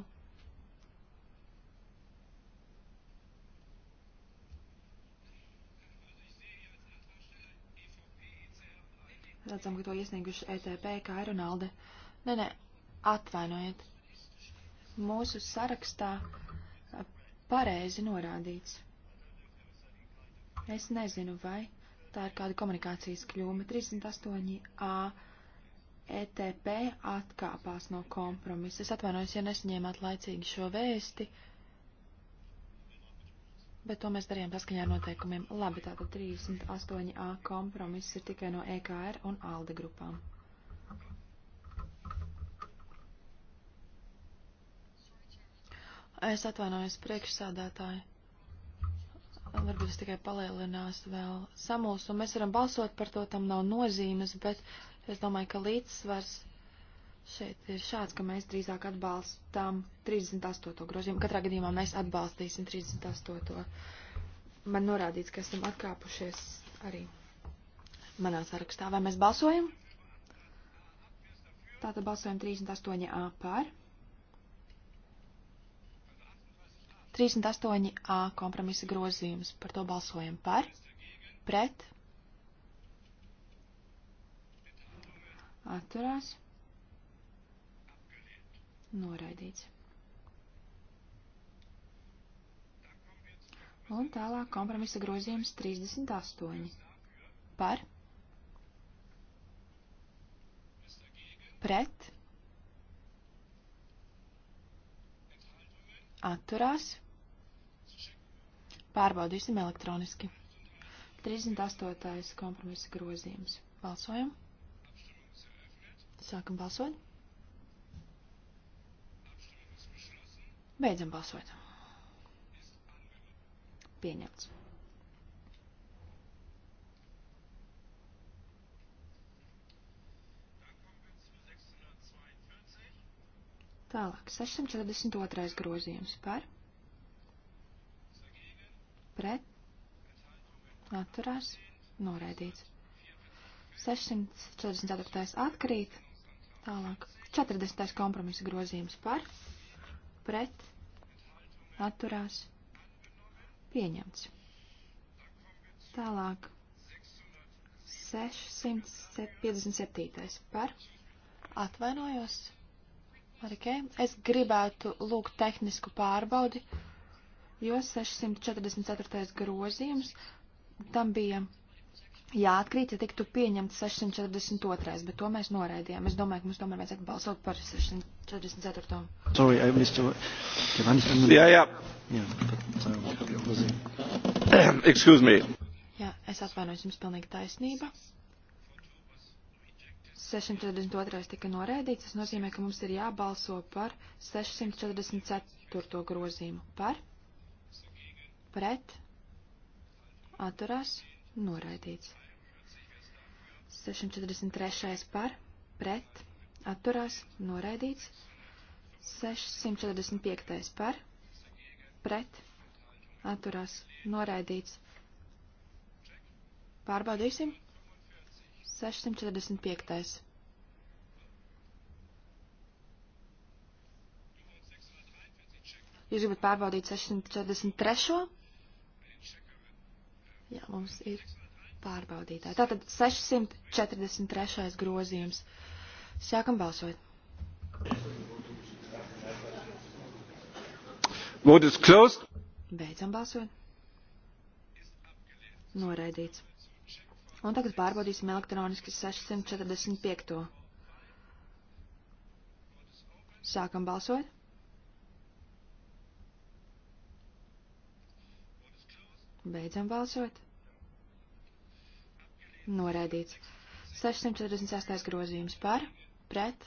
Redzam, ka to iesnieguši ETP, kā ir Ronalde. Nē, nē, atvainojiet. Mūsu sarakstā pareizi norādīts. Es nezinu, vai tā ir kāda komunikācijas kļūme. 38a ETP atkāpās no kompromisa. Es atvainojos, ja nesaņēmāt laicīgi šo vēsti, bet to mēs darījām saskaņā ar noteikumiem. Labi, tātad 38A kompromiss ir tikai no EKR un ALDE grupām. Es atvainojos priekšsādātāji. Varbūt es tikai palielinās vēl samulsu. Mēs varam balsot par to, tam nav nozīmes, bet Es domāju, ka līdzsvars šeit ir šāds, ka mēs drīzāk atbalstām 38. grozījumu. Katrā gadījumā mēs atbalstīsim 38. Man norādīts, ka esam atkāpušies arī manā sarakstā. Vai mēs balsojam? Tātad balsojam 38A par. 38A kompromisa grozījums. Par to balsojam par. Pret. atturās, noraidīts. Un tālāk kompromisa grozījums 38. Par, pret, atturās, pārbaudīsim elektroniski. 38. kompromisa grozījums. Balsojam! Sākam balsot. Beidzam balsot. Pieņemts. Tālāk, 642. grozījums par, pret, atturās, noraidīts. 644. atkrīt, Tālāk. 40. kompromisa grozījums par, pret, atturās, pieņemts. Tālāk. 657. par, atvainojos, Marikē, es gribētu lūgt tehnisku pārbaudi, jo 644. grozījums tam bija jāatkrīt, ja tiktu pieņemts 642, bet to mēs noraidījām. Es domāju, ka mums tomēr vajadzētu balsot par 644. Sorry, I missed your... Jā, jā. Jā, um, excuse me. Jā, es atvainojos, jums pilnīgi taisnība. 642 tika noraidīts, tas nozīmē, ka mums ir jābalso par 644 grozīmu. Par? Pret? Atturās? Noraidīts. 643. par, pret, atturās, noraidīts. 645. par, pret, atturās, noraidīts. Pārbaudīsim. 645. Jūs gribat pārbaudīt 643. Jā, mums ir pārbaudītāji. Tātad 643. grozījums. Sākam balsot. Vote is closed. Beidzam balsot. Noraidīts. Un tagad pārbaudīsim elektroniski 645. Sākam balsot. Beidzam balsot. Noraidīts. 646. grozījums par, pret,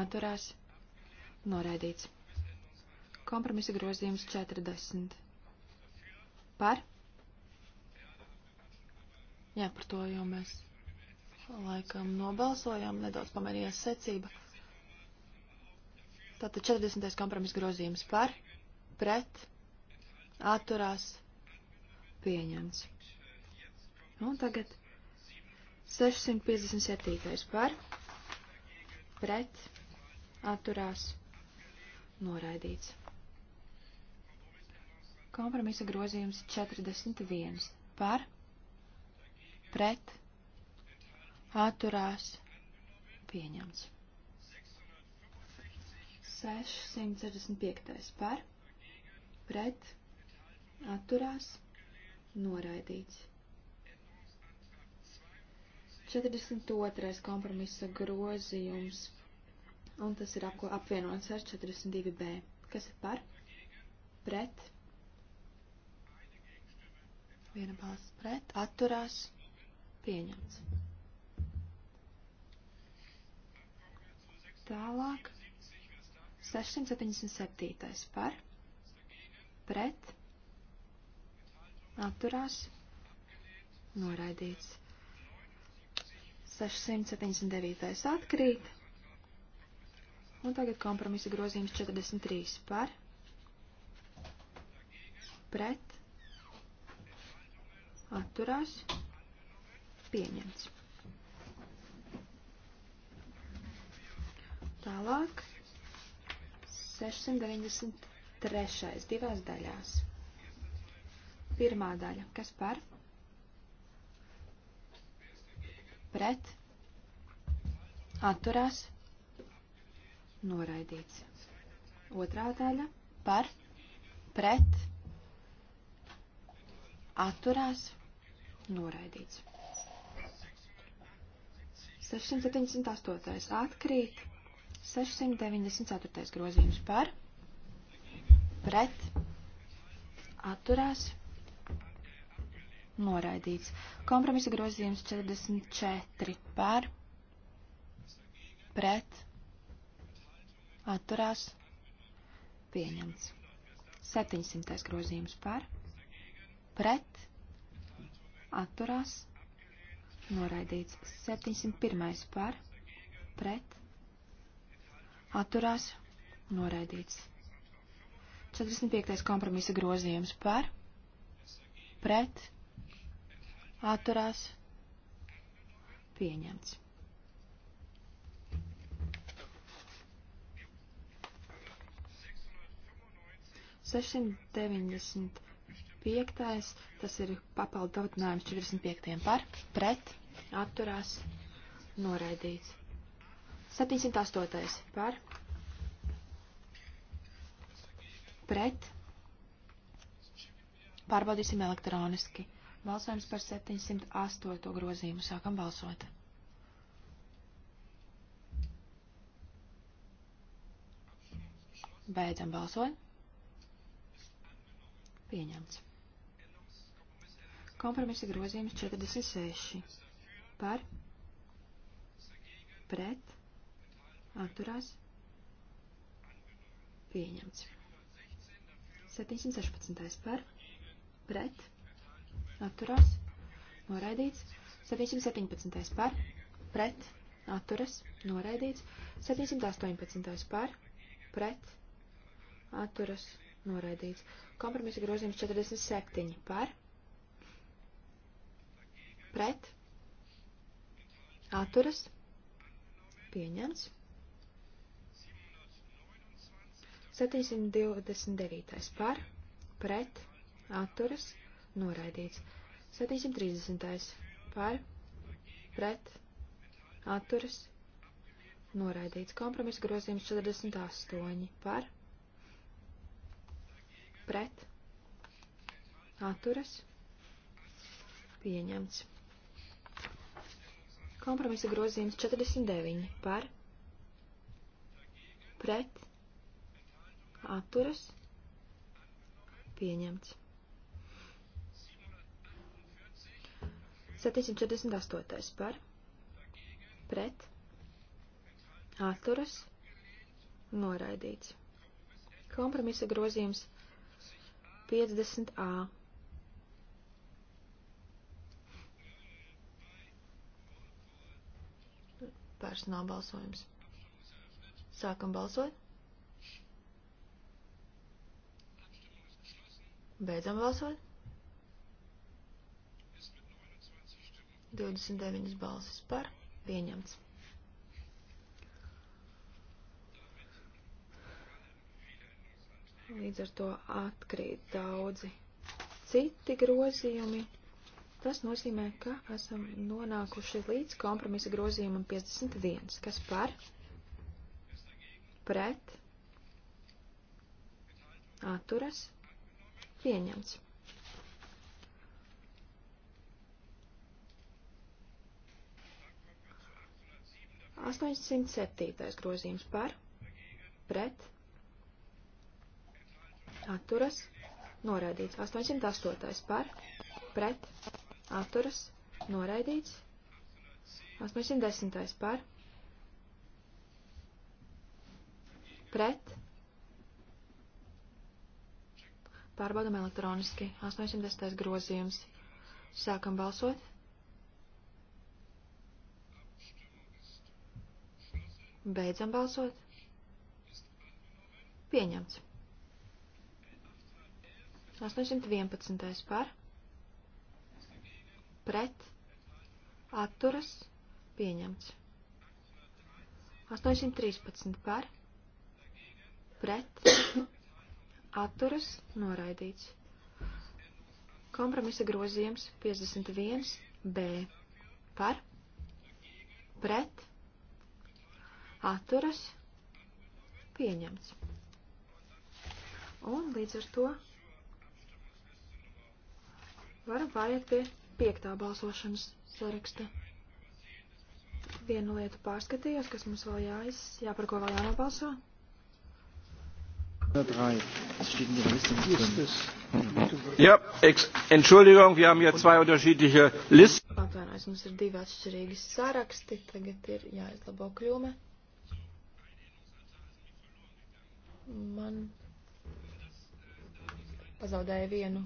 atturās, noraidīts. Kompromisa grozījums 40. Par? Jā, par to jau mēs laikam nobalsojām, nedaudz pamanījās secība. Tātad 40. kompromisa grozījums par, pret, atturās, noraidīts pieņemts. Un tagad 657. par pret atturās noraidīts. Kompromisa grozījums 41 par pret atturās pieņemts. 665. par pret atturās pieņemts noraidīts. 42. kompromisa grozījums, un tas ir apko, apvienots ar 42b. Kas ir par? Pret? Viena balss pret, atturās, pieņemts. Tālāk 677. par, pret, atturās, noraidīts. 679. atkrīt. Un tagad kompromisa grozījums 43 par, pret, atturās, pieņemts. Tālāk 693. divās daļās. Pirmā daļa. Kas par? Pret. Atturās. Noraidīts. Otrā daļa. Par. Pret. Atturās. Noraidīts. 678. Atkrīt. 694. grozījums par. Pret. Atturās. Noraidīts noraidīts. Kompromisa grozījums 44 par, pret, atturās, pieņemts. 700. grozījums par, pret, atturās, noraidīts. 701. par, pret, atturās, noraidīts. 45. kompromisa grozījums par, pret, atturās, atturās pieņemts. Sešsimt deviņdesmit piektais, tas ir papildu daudzinājums 45. par, pret, atturās, noraidīts. 708. par, pret, pārbaudīsim elektroniski. Balsojums par 708. grozījumu. Sākam balsot. Beidzam balsot. Pieņemts. Kompromisa grozījums 46. Par. Pret. Atturās. Pieņemts. 716. par. Pret atturās, noraidīts. 717. par, pret, atturas, noraidīts. 718. par, pret, atturas, noraidīts. Kompromisa grozījums 47 par, pret, atturas, pieņems. 729. par, pret, atturas, noraidīts noraidīts. 730. par, pret, atturas, noraidīts. Kompromisa grozījums 48. par, pret, atturas, pieņemts. Kompromisa grozījums 49. par, pret, atturas, pieņemts. 748. par pret atturas noraidīts. Kompromisa grozījums 50a. Personāla balsojums. Sākam balsot. Beidzam balsot. 29 balsis par pieņemts. Līdz ar to atkrīt daudzi citi grozījumi. Tas nozīmē, ka esam nonākuši līdz kompromisa grozījumam 51, kas par, pret, atturas, pieņemts. 807. grozījums par, pret, atturas, noraidīts. 808. par, pret, atturas, noraidīts. 810. par, pret, pārbaudam elektroniski. 810. grozījums. Sākam balsot. Beidzam balsot. Pieņemts. 811. par. Pret. Atturas. Pieņemts. 813 par. Pret. Atturas. Noraidīts. Kompromisa grozījums 51 B. Par. Pret atturas pieņemts. Un līdz ar to varam pāriet pie piektā balsošanas saraksta. Vienu lietu pārskatījos, kas mums vēl jāiz, jā, par ko vēl jānobalso. 3. Ja, ex, Entschuldigung, wir haben hier zwei unterschiedliche Listen. Atvainojos, mums ir divi atšķirīgi saraksti, tagad ir jāizlabo kļūme. man pazaudēja vienu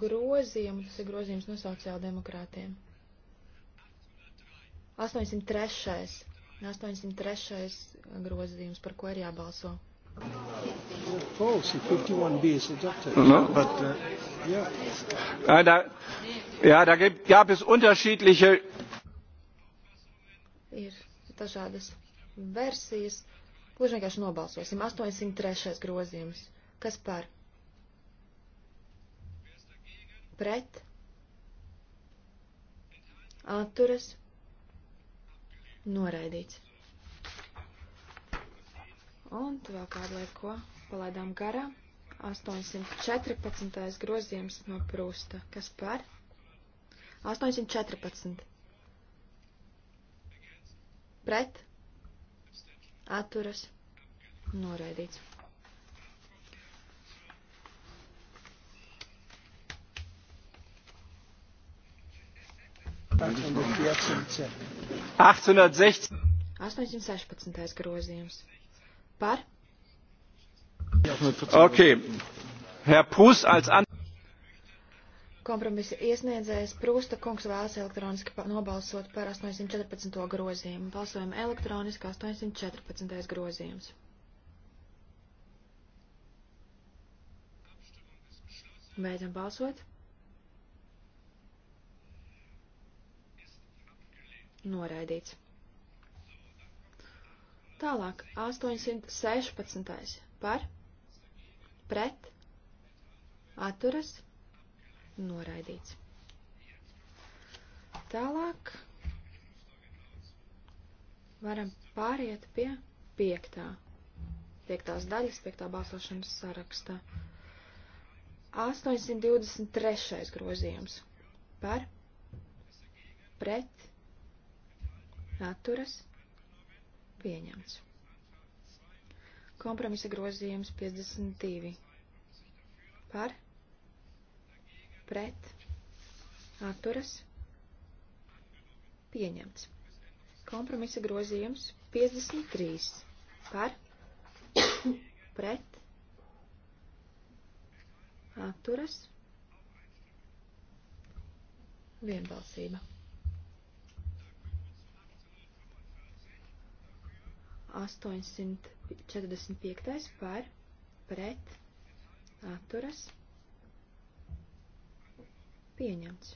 grozījumu, tas ir grozījums no sociāldemokrātiem. 803. 803. grozījums, par ko ir jābalso. Oh, see, 51b is adopted. No? But, uh, yeah. ja, da, ja, da gibt, gab es unterschiedliche. Ir dažādas versijas. Gluži vienkārši nobalsosim. 803. grozījums. Kas par? Pret? Atturas? Noraidīts. Un tu vēl kādu laiku ko palaidām garā. 814. grozījums no Prūsta. Kas par? 814. Pret? atturas, noraidīts. Achthundertsechzehn grozījums. Par? Okay. Herr Prus als An Kompromisa iesniedzējs Prūsta kungs vēlas elektroniski nobalsot par 814. grozījumu. Balsojam elektroniski 814. grozījums. Beidzam balsot. Noraidīts. Tālāk, 816. par, pret, atturas, noraidīts. Tālāk varam pāriet pie piektā, piektās daļas, piektā balsošanas sarakstā. 823. grozījums par pret naturas pieņemts. Kompromisa grozījums 52 par pret pret, atturas, pieņemts. Kompromisa grozījums 53 par, pret, atturas, vienbalsība. 845 par, pret, atturas, vienbalsība Pieņemts.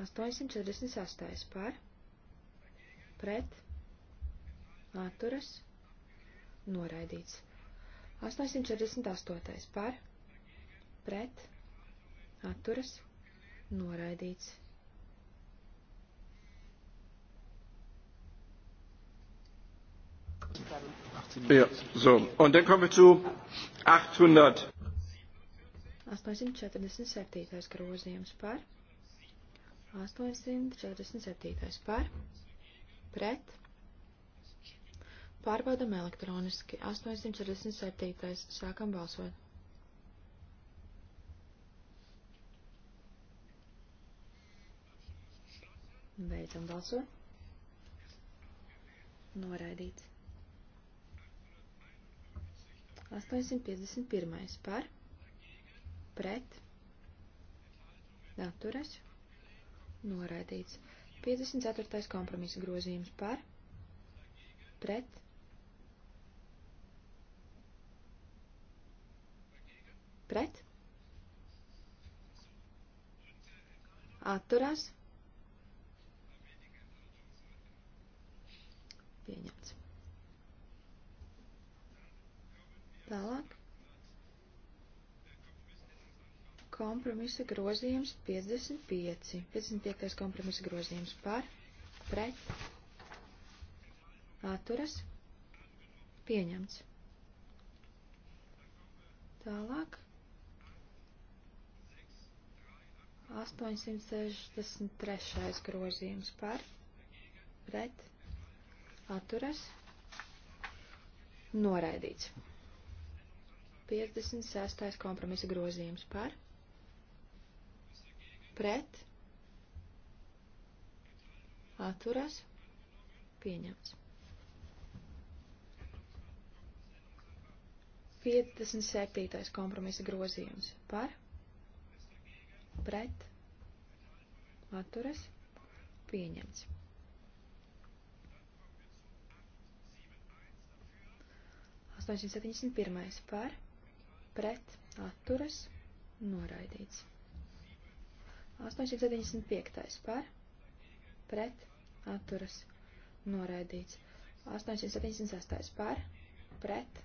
848 par, pret, atturas, noraidīts. 848 par, pret, atturas, noraidīts. Ja, so. Und dann kommen wir zu 800. 847. grozījums par 847. par pret pārbaudam elektroniski 847. sākam balsot. Beidzam balsot. Noraidīts. 851. par pret pret, atturas, noraidīts. 54. kompromisa grozījums par, pret, pret, atturās, pieņemts. Tālāk. kompromisa grozījums 55. 55. kompromisa grozījums par, pret, atturas, pieņemts. Tālāk. 863. grozījums par, pret, atturas, noraidīts. 56. kompromisa grozījums par, pret, pret, atturas, pieņemts. 57. kompromisa grozījums par, pret, atturas, pieņemts. Astoņsimt septiņdesmit pirmais par, pret, atturas, noraidīts. 875. par, pret, atturas, noraidīts. 878. par, pret,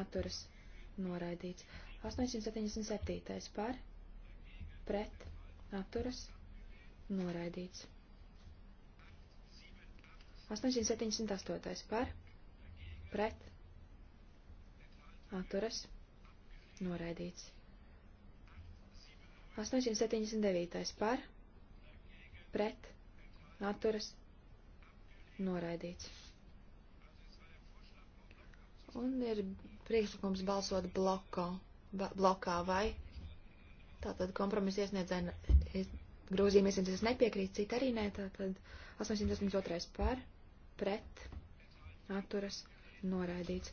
atturas, noraidīts. 877. par, pret, atturas, noraidīts. 878. par, pret, atturas, noraidīts. 879. par, pret, atturas, noraidīts. Un ir priekšlikums balsot bloko, ba, blokā vai tātad kompromisa iesniedzēna grozījuma iesniedzēs nepiekrīt, cita arī nē, tātad 882. par, pret, atturas, noraidīts.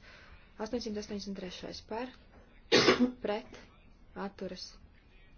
883. par, pret, atturas, noraidīts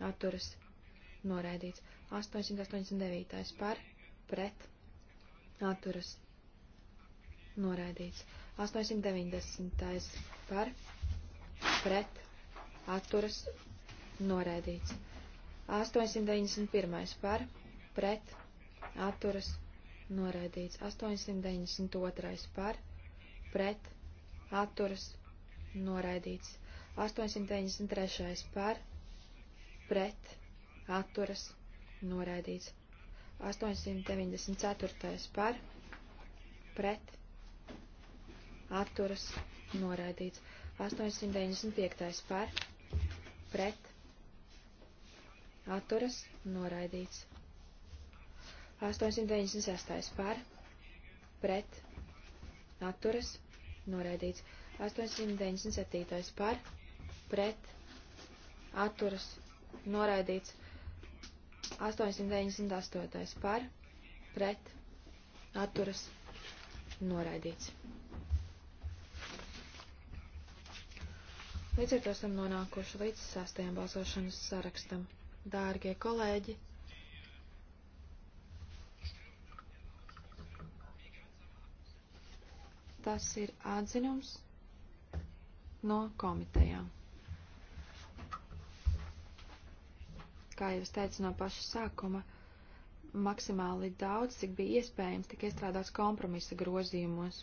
atturas noraidīts. 889. par pret atturas noraidīts. 890. par pret atturas noraidīts. 891. par pret atturas noraidīts. 892. par pret atturas noraidīts. 893. par pret pret, atturas, noraidīts. 894. par, pret, atturas, noraidīts. 895. par, pret, atturas, noraidīts. 896. par, pret, atturas, noraidīts. 897. par, pret, atturas, noraidīts noraidīts. 898. par, pret, atturas, noraidīts. Līdz ar to esam nonākuši līdz sastajam balsošanas sarakstam. Dārgie kolēģi, tas ir atziņums no komitejām. kā jau es teicu no paša sākuma, maksimāli daudz, cik bija iespējams, tika iestrādāts kompromisa grozījumos.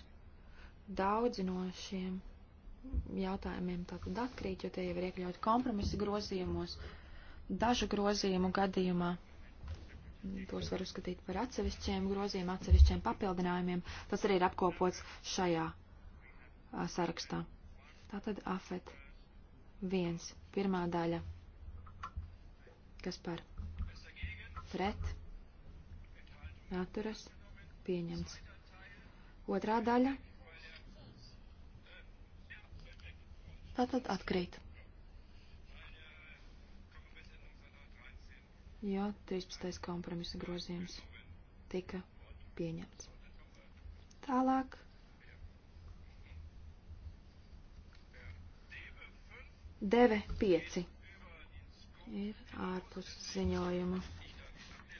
Daudzi no šiem jautājumiem tātad atkrīt, jo tie jau ir iekļauti kompromisa grozījumos. Dažu grozījumu gadījumā tos var uzskatīt par atsevišķiem grozījumiem, atsevišķiem papildinājumiem. Tas arī ir apkopots šajā a, sarakstā. Tātad afet viens, pirmā daļa Kas par? Pret. Atturas. Pieņemts. Otrā daļa. Tātad atkrīt. Jā, 13. kompromisa grozījums tika pieņemts. Tālāk. Deve pieci ir ārpus ziņojuma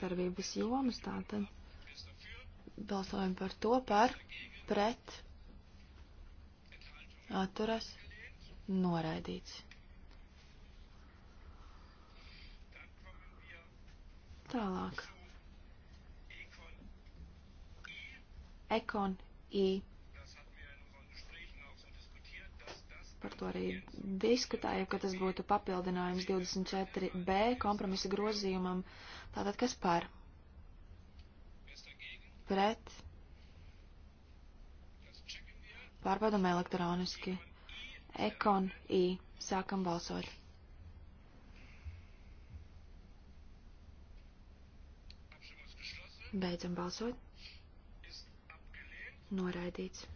darbības jomas, tātad balsojam par to, par, pret, atturas, noraidīts. Tālāk. Ekon I. par to arī diskutēju, ka tas būtu papildinājums 24b kompromisa grozījumam. Tātad kas par? Pret? Pārbaudam elektroniski. Ekon I. Sākam balsot. Beidzam balsot. Noraidīts.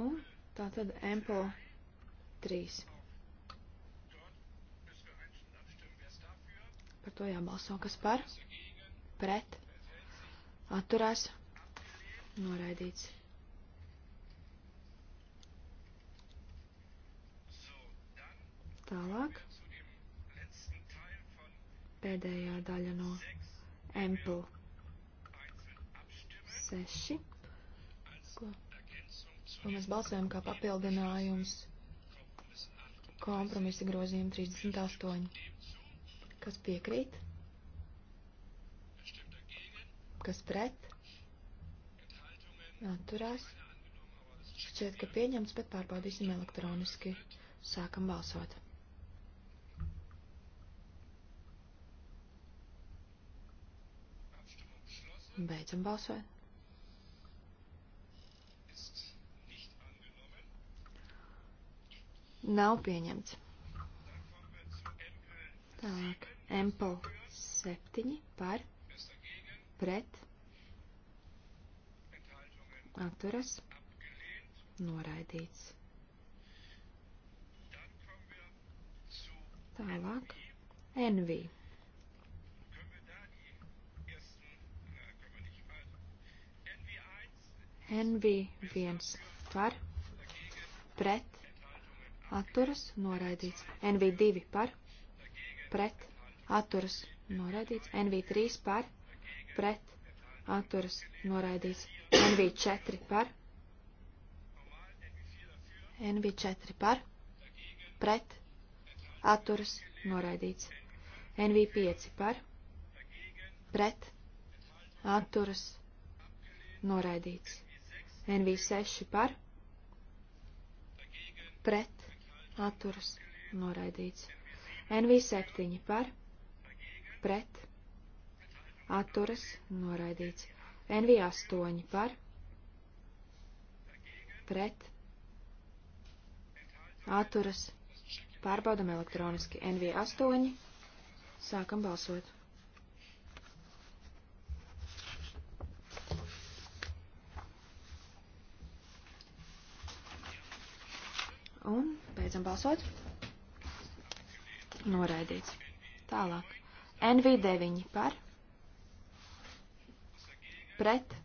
Un tā tad MPO 3. Par to jābalso, kas par, pret, atturās, noraidīts. Tālāk. Pēdējā daļa no MPO 6. Un mēs balsojam kā papildinājums kompromisa grozījumu 38. Kas piekrīt? Kas pret? Atturās. Šķiet, ka pieņemts, bet pārbaudīsim elektroniski. Sākam balsot. Beidzam balsot. Nav pieņemts. Tālāk. Empel 7 par pret atturas noraidīts. Tālāk. Envī. NV1 par pret atturas noraidīts. NV2 par pret atturas noraidīts. NV3 par pret atturas noraidīts. NV4 par NV4 par pret atturas noraidīts. NV5 par pret atturas noraidīts. NV6 par pret atturas noraidīts. NV7 par, pret, atturas noraidīts. NV8 par, pret, atturas, pārbaudam elektroniski. NV8, sākam balsot. Un Beidzam balsot. Noraidīts. Tālāk. NV9 par. Pret.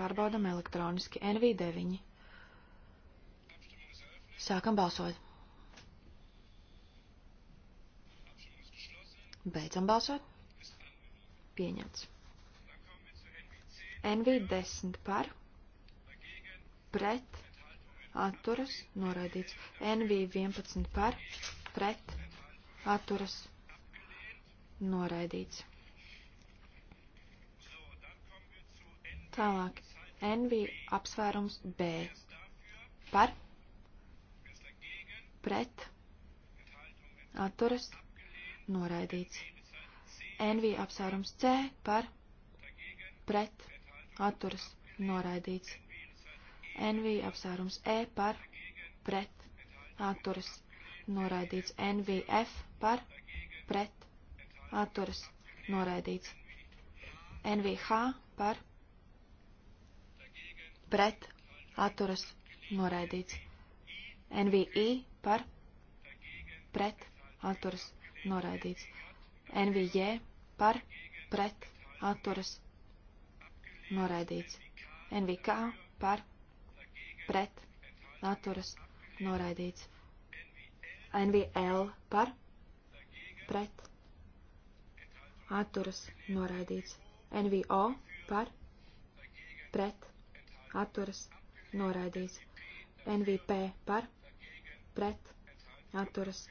Pārbaudam elektroniski. NV9. Sākam balsot. Beidzam balsot. Pieņemts. NV10 par. Pret pret, atturas, noraidīts. NV11 par, pret, atturas, noraidīts. Tālāk. NV apsvērums B. Par, pret, atturas, noraidīts. NV apsvērums C par, pret, atturas, noraidīts. NV apsvērums E par pret atturas noraidīts. NVF par pret atturas noraidīts. NVH par pret atturas noraidīts. NVI par pret atturas noraidīts. NVJ par pret atturas noraidīts. NVK par pret pret, atturas, noraidīts. NVL par, pret, atturas, noraidīts. NVO par, pret, atturas, noraidīts. NVP par, pret, atturas,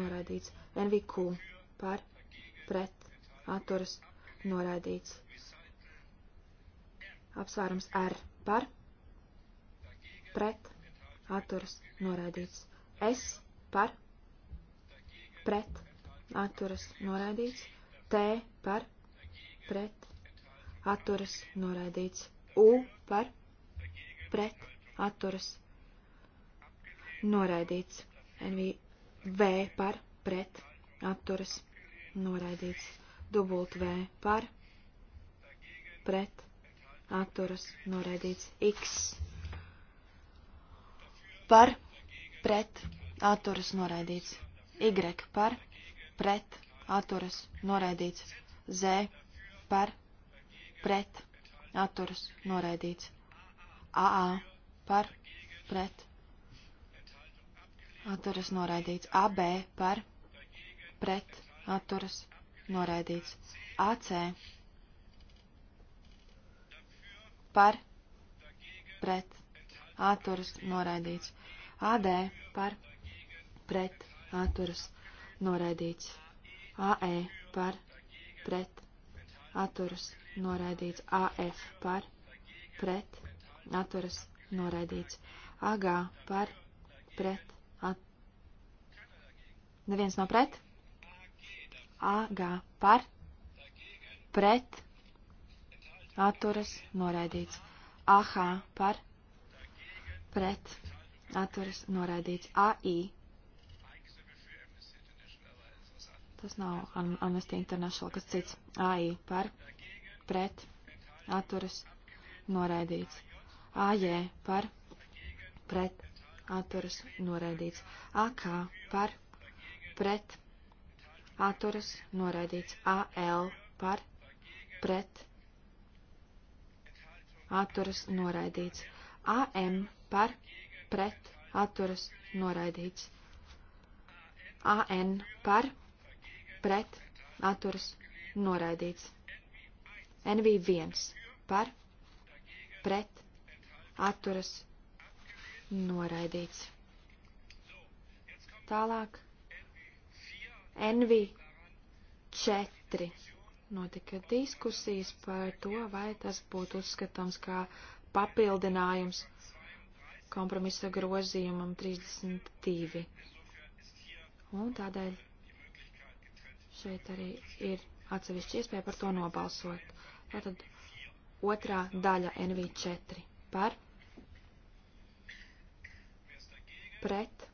noraidīts. NVQ par, pret, atturas, noraidīts. Apsvērums R par, pret pret, atturas, noraidīts. S par, pret, atturas, noraidīts. T par, pret, atturas, noraidīts. U par, pret, atturas, noraidīts. NV V par, pret, atturas, noraidīts. Dubult V par, pret, atturas, noraidīts. X par pret atturas noraidīts. Y par pret atturas noraidīts. Z par pret atturas noraidīts. AA par pret atturas noraidīts. AB par pret atturas noraidīts. AC par pret atturas noraidīts. AD par pret atturas noraidīts. AE par pret atturas noraidīts. AF par pret atturas noraidīts. AG par pret at... Neviens nav pret? AG par pret atturas noraidīts. AH par pret pret atturas noraidīts AI. Tas nav Amnesty International, kas cits AI par pret atturas noraidīts. AJ par pret atturas noraidīts. AK par pret atturas noraidīts. AL par pret atturas noraidīts. AM par pret atturas noraidīts. AN par pret atturas noraidīts. NV1 par pret atturas noraidīts. Tālāk NV4 notika diskusijas par to, vai tas būtu uzskatāms kā papildinājums kompromisa grozījumam 32. Un tādēļ šeit arī ir atsevišķi iespēja par to nobalsot. Tātad otrā daļa NV4 par pret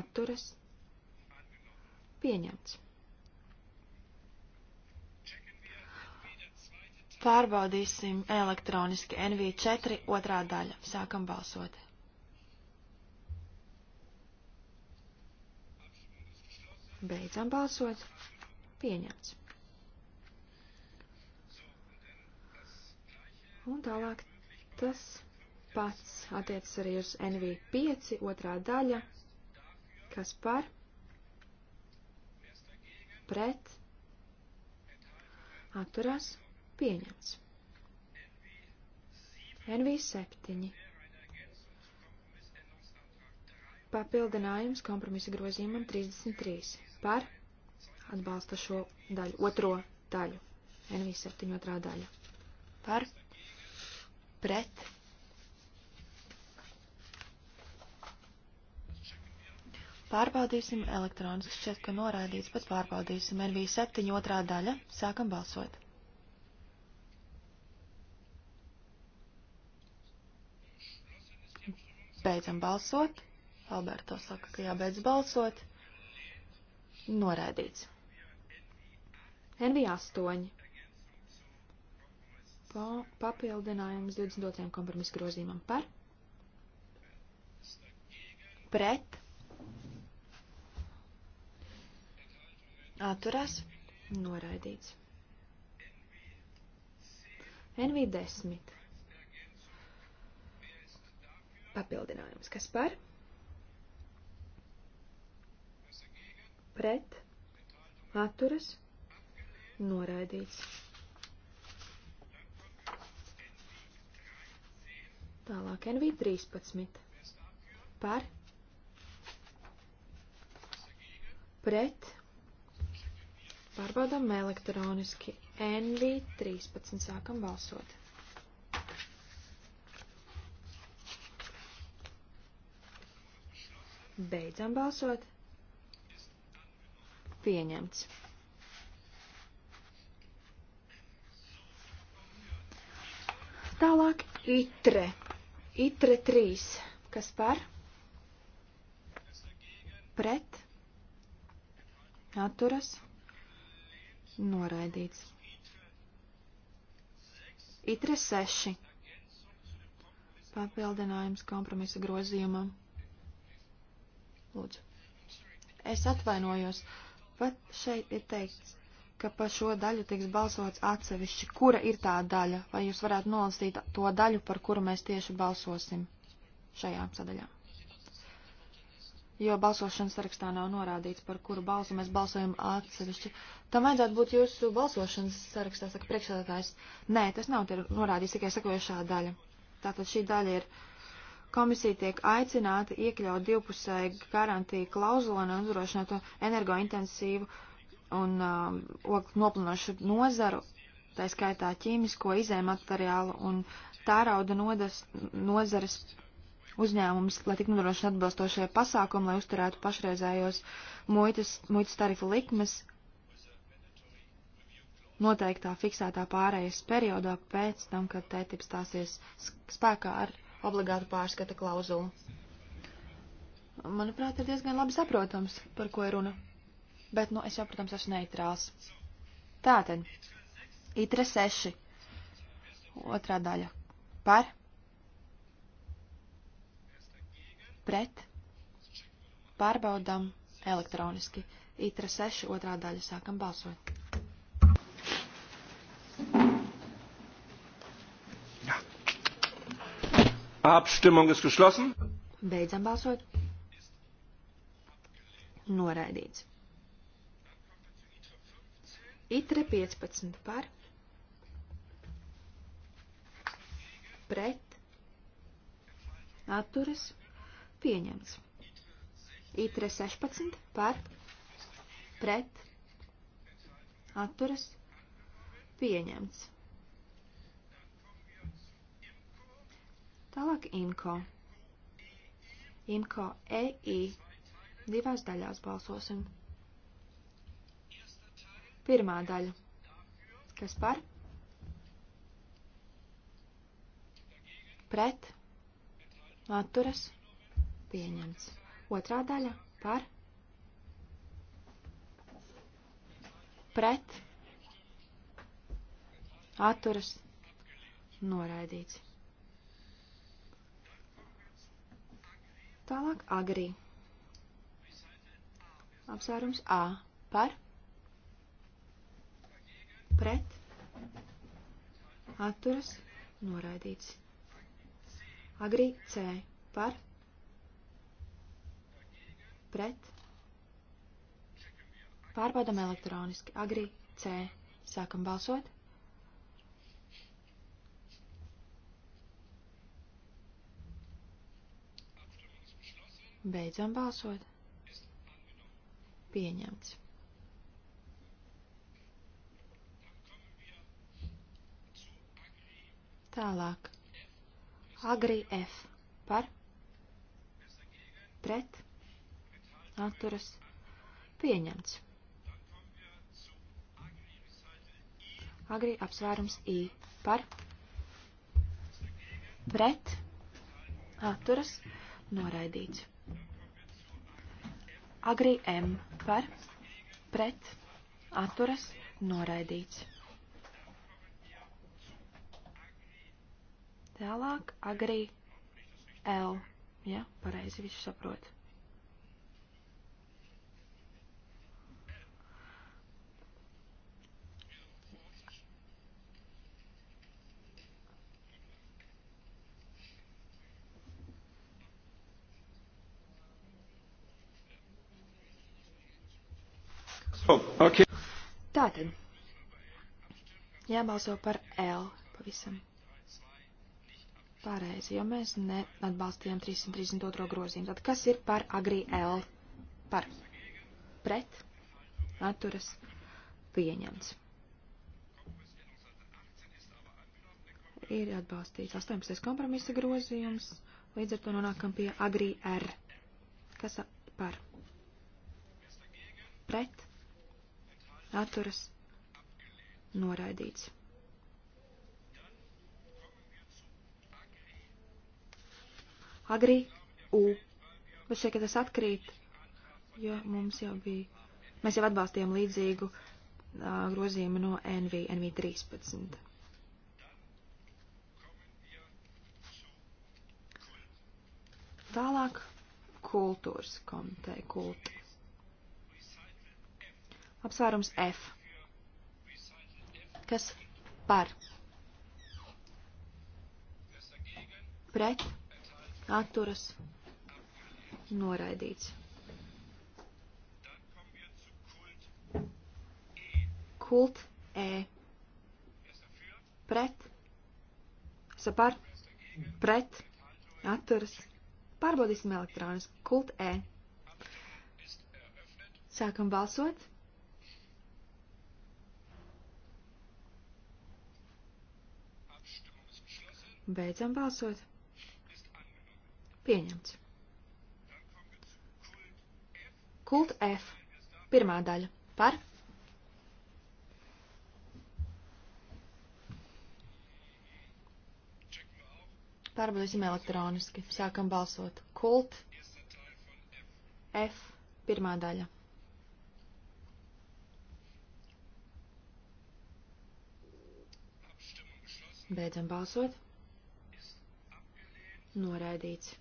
atturas pieņemts. Pārbaudīsim elektroniski NV4 otrā daļa. Sākam balsot. Beidzam balsot. Pieņemts. Un tālāk tas pats attiecas arī uz NV5 otrā daļa, kas par pret atturās Pieņemts. NV7. Papildinājums kompromisa grozījumam 33. Par atbalsta šo daļu, otro daļu. NV7 otrā daļa. Par pret. Pārbaudīsim elektronisku, šķiet, ka norādīts, bet pārbaudīsim NV7 otrā daļa. Sākam balsot. Beidzam balsot. Alberto saka, ka jābeidz balsot. Noraidīts. NV8. Pa, papildinājums 22. kompromisu grozījumam par. Pret. Atturās. Noraidīts. NV10 papildinājums. Kas par? Pret. Atturas. Noraidīts. Tālāk NV 13. Par. Pret. Pārbaudām elektroniski. NV 13. Sākam balsot. Beidzam balsot. Pieņemts. Tālāk itre. Itre 3. Kas par? Pret. Atturas. Noraidīts. Itre 6. Papildinājums kompromisa grozījumam. Lūdzu. Es atvainojos. Pat šeit ir teikts, ka par šo daļu tiks balsots atsevišķi. Kura ir tā daļa? Vai jūs varētu nolasīt to daļu, par kuru mēs tieši balsosim šajā sadaļā? Jo balsošanas sarakstā nav norādīts, par kuru balsu mēs balsojam atsevišķi. Tam vajadzētu būt jūsu balsošanas sarakstā, saka priekšsēdētājs. Nē, tas nav norādīts, tikai sakojušā daļa. Tātad šī daļa ir komisija tiek aicināta iekļaut divpusēju garantiju klauzulu un nodrošināt energointensīvu un um, ogļu noplinošu nozaru, tā skaitā ķīmisko izējumateriālu un tārauda nodas, nozares uzņēmums, lai tik nodrošinātu atbilstošie pasākumi, lai uzturētu pašreizējos muitas, muitas tarifu likmes noteiktā fiksētā pārējais periodā pēc tam, kad tētips stāsies spēkā ar obligātu pārskata klauzulu. Manuprāt, ir diezgan labi saprotams, par ko ir runa. Bet, nu, es jau, protams, esmu neitrāls. Tātad, itre seši. Otrā daļa. Par. Pret. Pārbaudām elektroniski. Itra 6 otrā daļa sākam balsot. Abstimmung ist geschlossen. Beidzam balsot. Noraidīts. Itre 15 par. Pret. Atturas. Pieņemts. Itre 16 par. Pret. Atturas. Pieņemts. Tālāk IMCO. IMCO EI. Divās daļās balsosim. Pirmā daļa. Kas par? Pret. Atturas. Pieņemts. Otrā daļa. Par. Pret. Atturas. Noraidīts. Tālāk agrī. Apsvērums A. Par. Pret. Atturas. Noraidīts. Agrī C. Par. Pret. Pārbaudam elektroniski. Agrī C. Sākam balsot. Beidzam balsot. Pieņemts. Tālāk. Agri F. Par. Pret. Atturas. Pieņemts. Agri apsvērums I. Par. Pret. Atturas. Noraidīts. Agri M par pret atturas noraidīts. Tālāk agri L. Ja, pareizi visu saprotu. Tātad. Jābalso par L pavisam. Pareizi, jo mēs neatbalstījām 332. grozījumu. Tad kas ir par agrī L? Par. Pret. Atturas. Pieņemts. Ir atbalstīts 18. kompromisa grozījums. Līdz ar to nonākam pie agrī R. Kas par? Pret atturas noraidīts. Agri U. Bet šeit, ka tas atkrīt, jo mums jau bija, mēs jau atbalstījām līdzīgu uh, grozījumu no NV, NV 13. Tālāk kultūras komiteja, kultūra. Apsvērums F. Kas par? Pret. Atturas. Noraidīts. Kult E. Pret. Sapar. Pret. Atturas. Pārbaudīsim elektroniski. Kult E. Sākam balsot. Beidzam balsot. Pieņemts. Kult F. Pirmā daļa. Par. Pārbaudīsim elektroniski. Sākam balsot. Kult F. Pirmā daļa. Beidzam balsot noraidīts.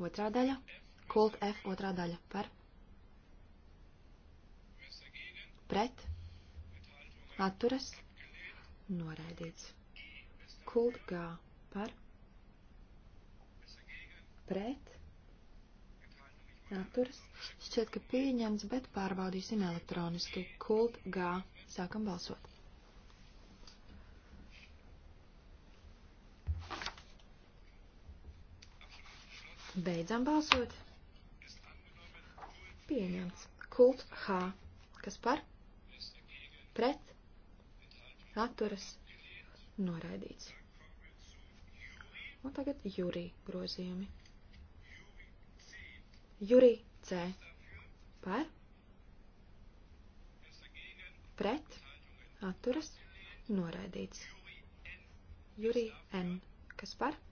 Otrā daļa. Kult F otrā daļa par. Pret. Atturas. Noraidīts. Kult G par. Pret. Atturas. Šķiet, ka pieņemts, bet pārbaudīsim elektroniski. Kult G. Sākam balsot. Beidzam balsot. Pieņemts. Kult H. Kas par? Pret. Atturas. Noraidīts. Un tagad jūrī grozījumi. Jūrī C. Par? Pret. Atturas. Noraidīts. Jūrī N. Kas par? Pret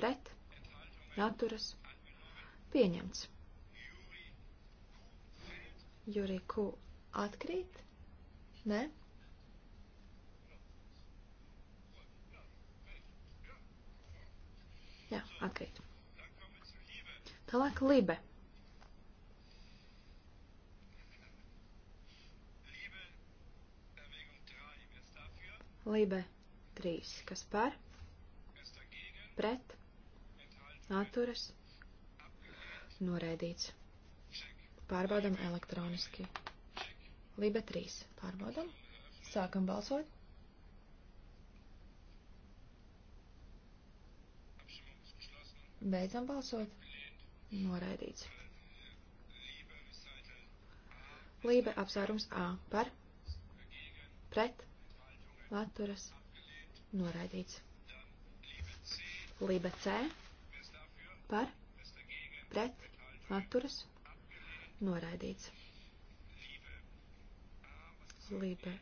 pret, atturas, pieņemts. Jurī Q atkrīt? Nē? Jā, atkrīt. Tālāk Libe. Libe 3. Kas par? Pret? atturas, noraidīts. Pārbaudam elektroniski. Libe 3. Pārbaudam. Sākam balsot. Beidzam balsot. Noraidīts. Lībe apsvērums A par, pret, atturas, noraidīts. Lībe C par pret atturas noraidīts. Lībe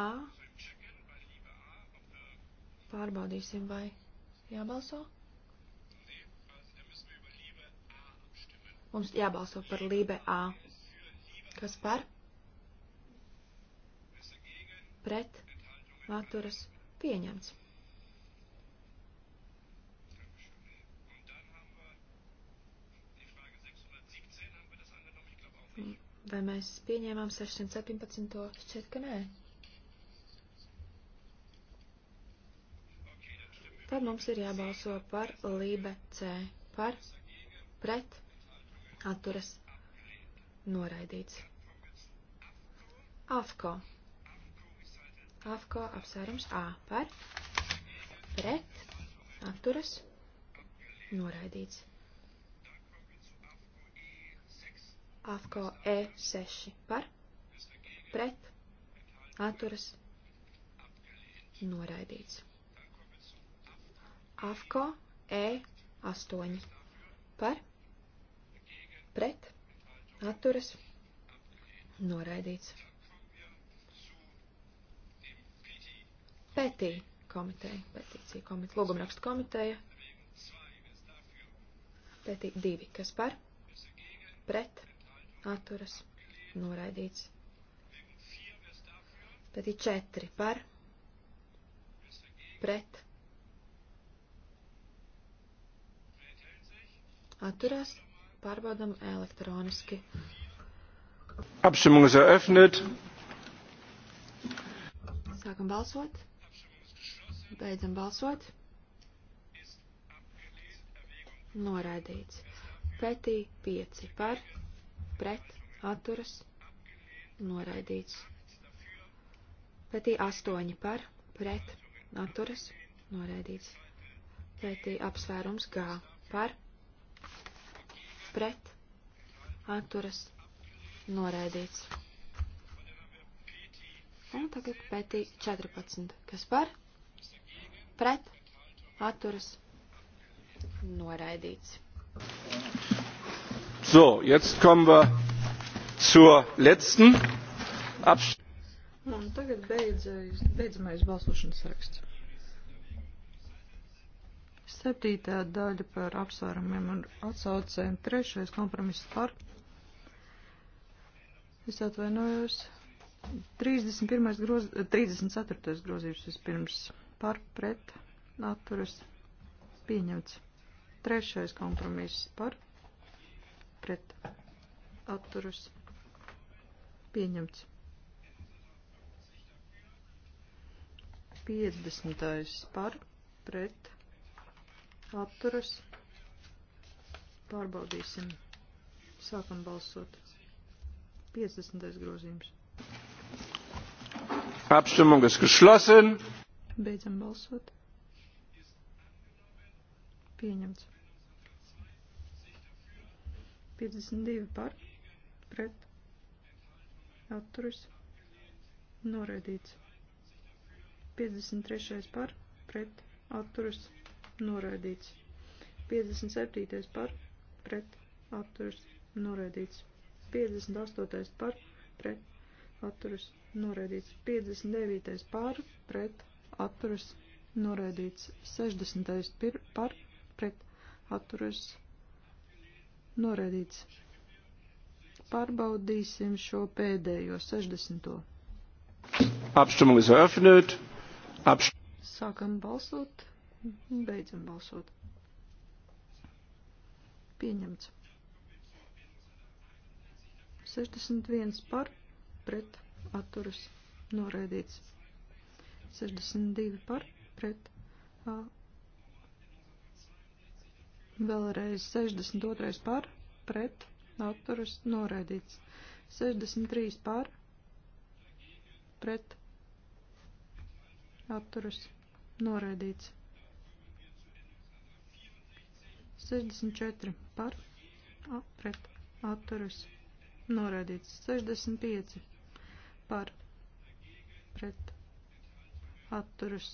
A. Pārbaudīsim, vai jābalso. Mums jābalso par Lībe A. Kas par? Pret atturas pieņemts. Vai mēs pieņēmām 617. šķiet, ka nē. Tad mums ir jābalso par lībe C, par pret atturas noraidīts. AFCO. AFCO apsvērums A par pret atturas noraidīts. AFCO E6 par, pret, atturas, noraidīts. AFCO E8 par, pret, atturas, noraidīts. Pētī komiteja, pētīcija komiteja, lūgumrakstu komiteja. Pētī divi, kas par, pret, atturas noraidīts. Pēc četri par, pret, atturās, pārbaudam elektroniski. Abstimmung ist eröffnet. Sākam balsot. Beidzam balsot. Noraidīts. Petī 5 par pret, atturas, noraidīts. Pretī 8 par, pret, atturas, noraidīts. Pretī apsvērums G par, pret, atturas, noraidīts. Un tagad pētī 14. Kas par? Pret, atturas, noraidīts. Thank you. So, jetzt kommen wir zur letzten Abstimmung. Un tagad beidz, beidzamais balsošanas saraksts. Septītā daļa par apsvērumiem un atsaucēm. Trešais kompromiss par. Es atvainojos. 31. Groz, 34. grozījums vispirms par pret atturas pieņemts. Trešais kompromiss par pret atturus pieņemts. 50. par pret atturus pārbaudīsim. Sākam balsot. 50. grozījums. Abstimmung ist geschlossen. Beidzam balsot. Pieņemts. 52 par pret atturas noraidīts. 53 par pret atturas noraidīts. 57 par pret atturas noraidīts. 58 par pret atturas noraidīts. 59 par pret atturas noraidīts. 60 par pret atturas noraidīts Noraidīts. Pārbaudīsim šo pēdējo 60. Apstumung ist eröffnet. Apst Sākam balsot, beidzam balsot. Pieņemts. 61 par, pret, atturas, noraidīts. 62 par, pret, atturas Vēlreiz 62. par, pret, atturas noraidīts. 63 par, pret, atturas noraidīts. 64 par, a, pret, atturas noraidīts. 65 par, pret, atturas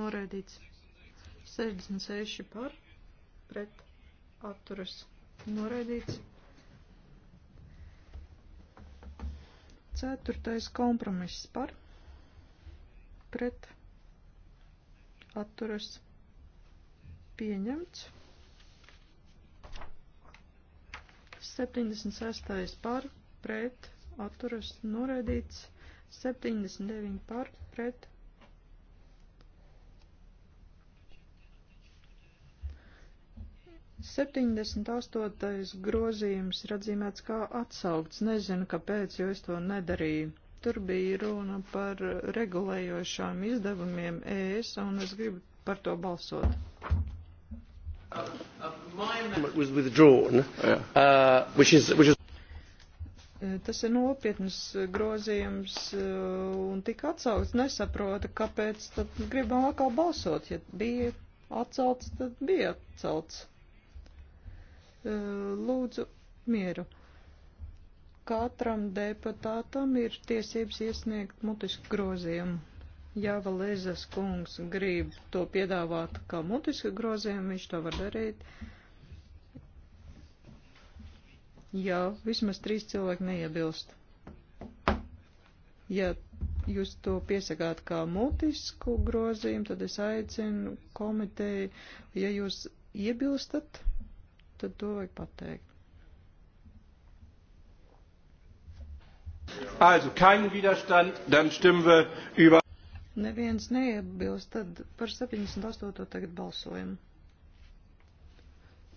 noraidīts. 66 par, pret atturas noraidīts. Ceturtais kompromiss par pret atturas pieņemts. 76. par pret atturas noraidīts. 79 par pret 78. grozījums ir atzīmēts kā atsaukts. Nezinu, kāpēc, jo es to nedarīju. Tur bija runa par regulējošām izdevumiem ES, un es gribu par to balsot. Uh, e, tas ir nopietnas grozījums e, un tika atsaukts. Nesaprota, kāpēc tad gribam atkal balsot. Ja bija atcelts, tad bija atcelts. Eh, lūdzu mieru. Katram deputātam ir tiesības iesniegt mutisku grozījumu. Ja Valēzes kungs grib to piedāvāt kā mutisku grozījumu, viņš to var darīt. Jā, vismaz trīs cilvēki neiebilst. Ja jūs to piesakāt kā mutisku grozījumu, tad es aicinu komiteju, ja jūs iebilstat, tad to vajag pateikt. Also keinen Widerstand, dann stimmen wir über. Neviens neiebilst, tad par 78. tagad balsojam.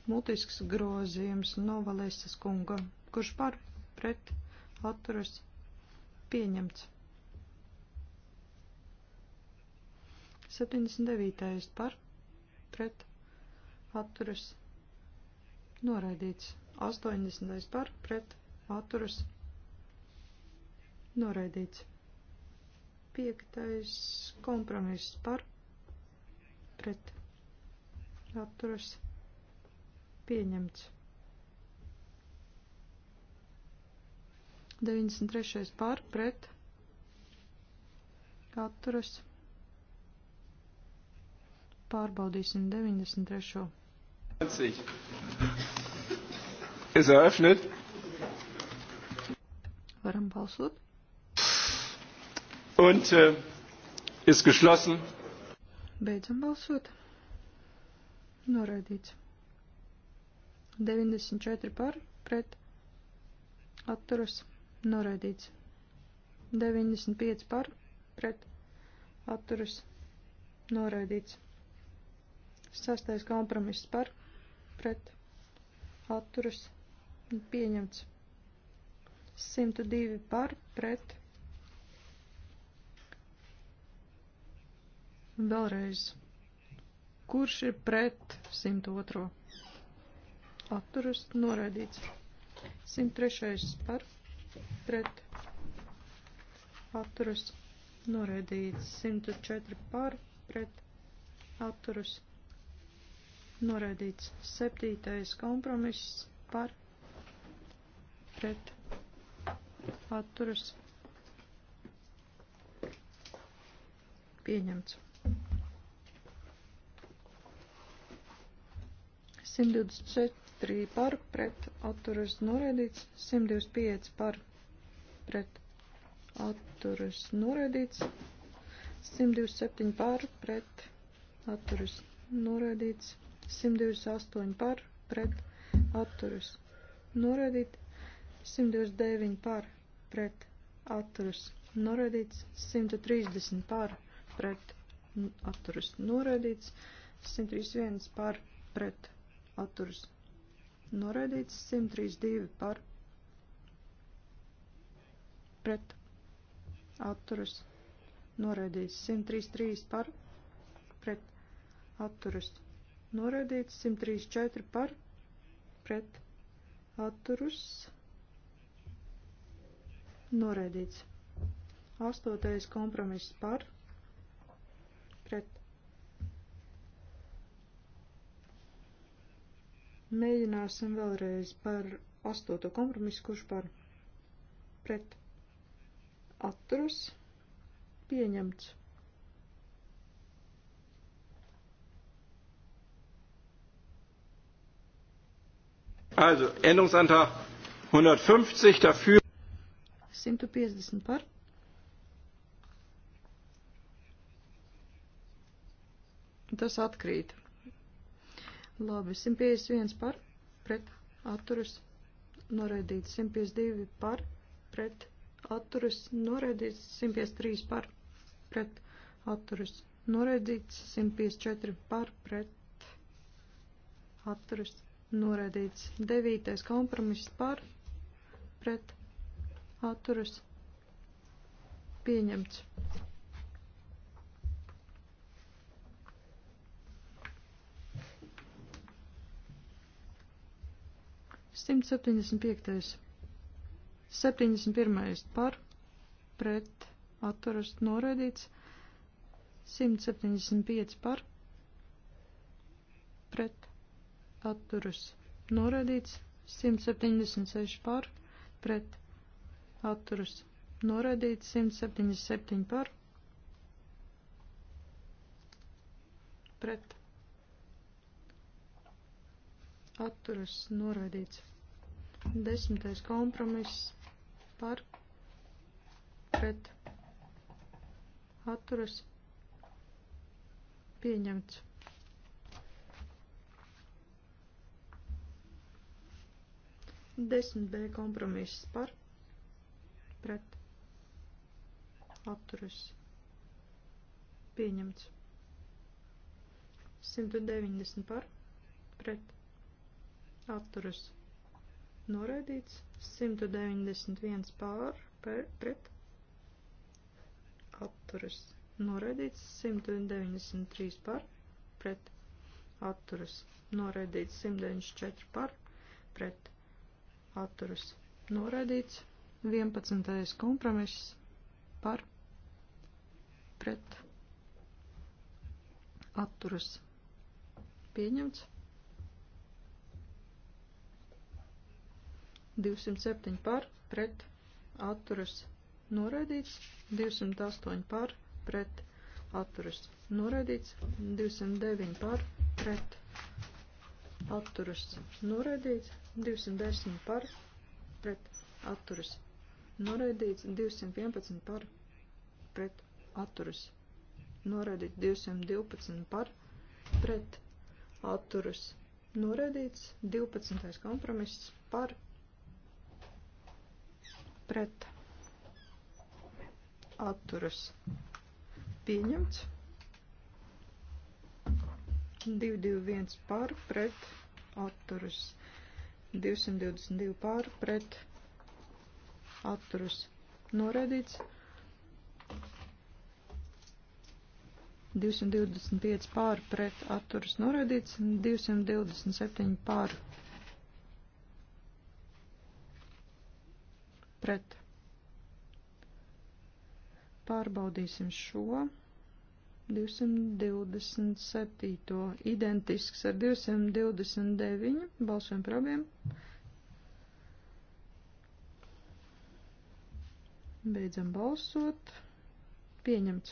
Multisks grozījums no Valēsas kunga, kurš par pret atturas pieņemts. 79. par pret atturas pieņemts. Noraidīts. 80. par pret atturas. Noraidīts. 5. kompromiss par pret atturas. Pieņemts. 93. par pret atturas. Pārbaudīsim 93. 20 ist er eröffnet. Warum balsot? Und äh, ist geschlossen. Beidzam balsot. Noraidīts. 94 par pret atturas noraidīts. 95 par pret atturas noraidīts. Sastais kompromiss par pret atturas noraidīts Pieņemts. 102 par pret. Vēlreiz. Kurš ir pret 102? Atturas noraidīts. 103 par pret. Atturas noraidīts. 104 par pret. Atturas noraidīts. 7. kompromiss par pret atturas pieņemts. 124 par pret atturas norēdīts, 125 par pret atturas norēdīts, 127 par pret atturas norēdīts, 128 par pret atturas norēdīts. 129 par pret atturas noraidīts, 130 par pret atturas noraidīts, 131 par pret atturas noraidīts, 132 par pret atturas noraidīts, 133 par pret atturas noraidīts, 134 par pret atturas noraidīts noraidīts. Astotais kompromiss par, pret. Mēģināsim vēlreiz par astoto kompromisu, kurš par, pret, atturas, pieņemts. Also, Änderungsantrag 150 dafür. 150 par. Tas atkrīt. Labi, 151 par, pret, atturas, noraidīts, 152 par, pret, atturas, noraidīts, 153 par, pret, atturas, noraidīts, 154 par, pret, atturas, noraidīts, 9. kompromiss par, pret, atturas pieņemts. Simt septiņdesmit piektais. Septiņdesmit pirmais par, pret, atturas noraidīts. Simt septiņdesmit pieci par, pret, atturas noraidīts. Simt septiņdesmit seši par, pret, atturas noraidīts 177 par pret atturas noraidīts desmitais kompromiss par pret atturas pieņemts. Desmit B kompromiss par pret pret atturas pieņemts. 190 par pret atturas noraidīts. 191 pār pret atturas noraidīts. 193 par pret atturas noraidīts. 194 par pret atturas noraidīts. 11. kompromiss par pret atturas pieņemts. 207 par pret atturas noraidīts, 208 par pret atturas noraidīts, 209 par pret atturas noraidīts, 210 par pret atturas noraidīts noraidīts 211 par pret atturas, noraidīts 212 par pret atturas, noraidīts 12. kompromiss par pret atturas. Pieņemts. 221 par pret atturas. 222 par pret atturas atturas noraidīts. 225 pār pret atturas noraidīts, 227 pār pret. Pārbaudīsim šo 227. identisks ar 229. Balsojam par abiem. Beidzam balsot. Pieņemts.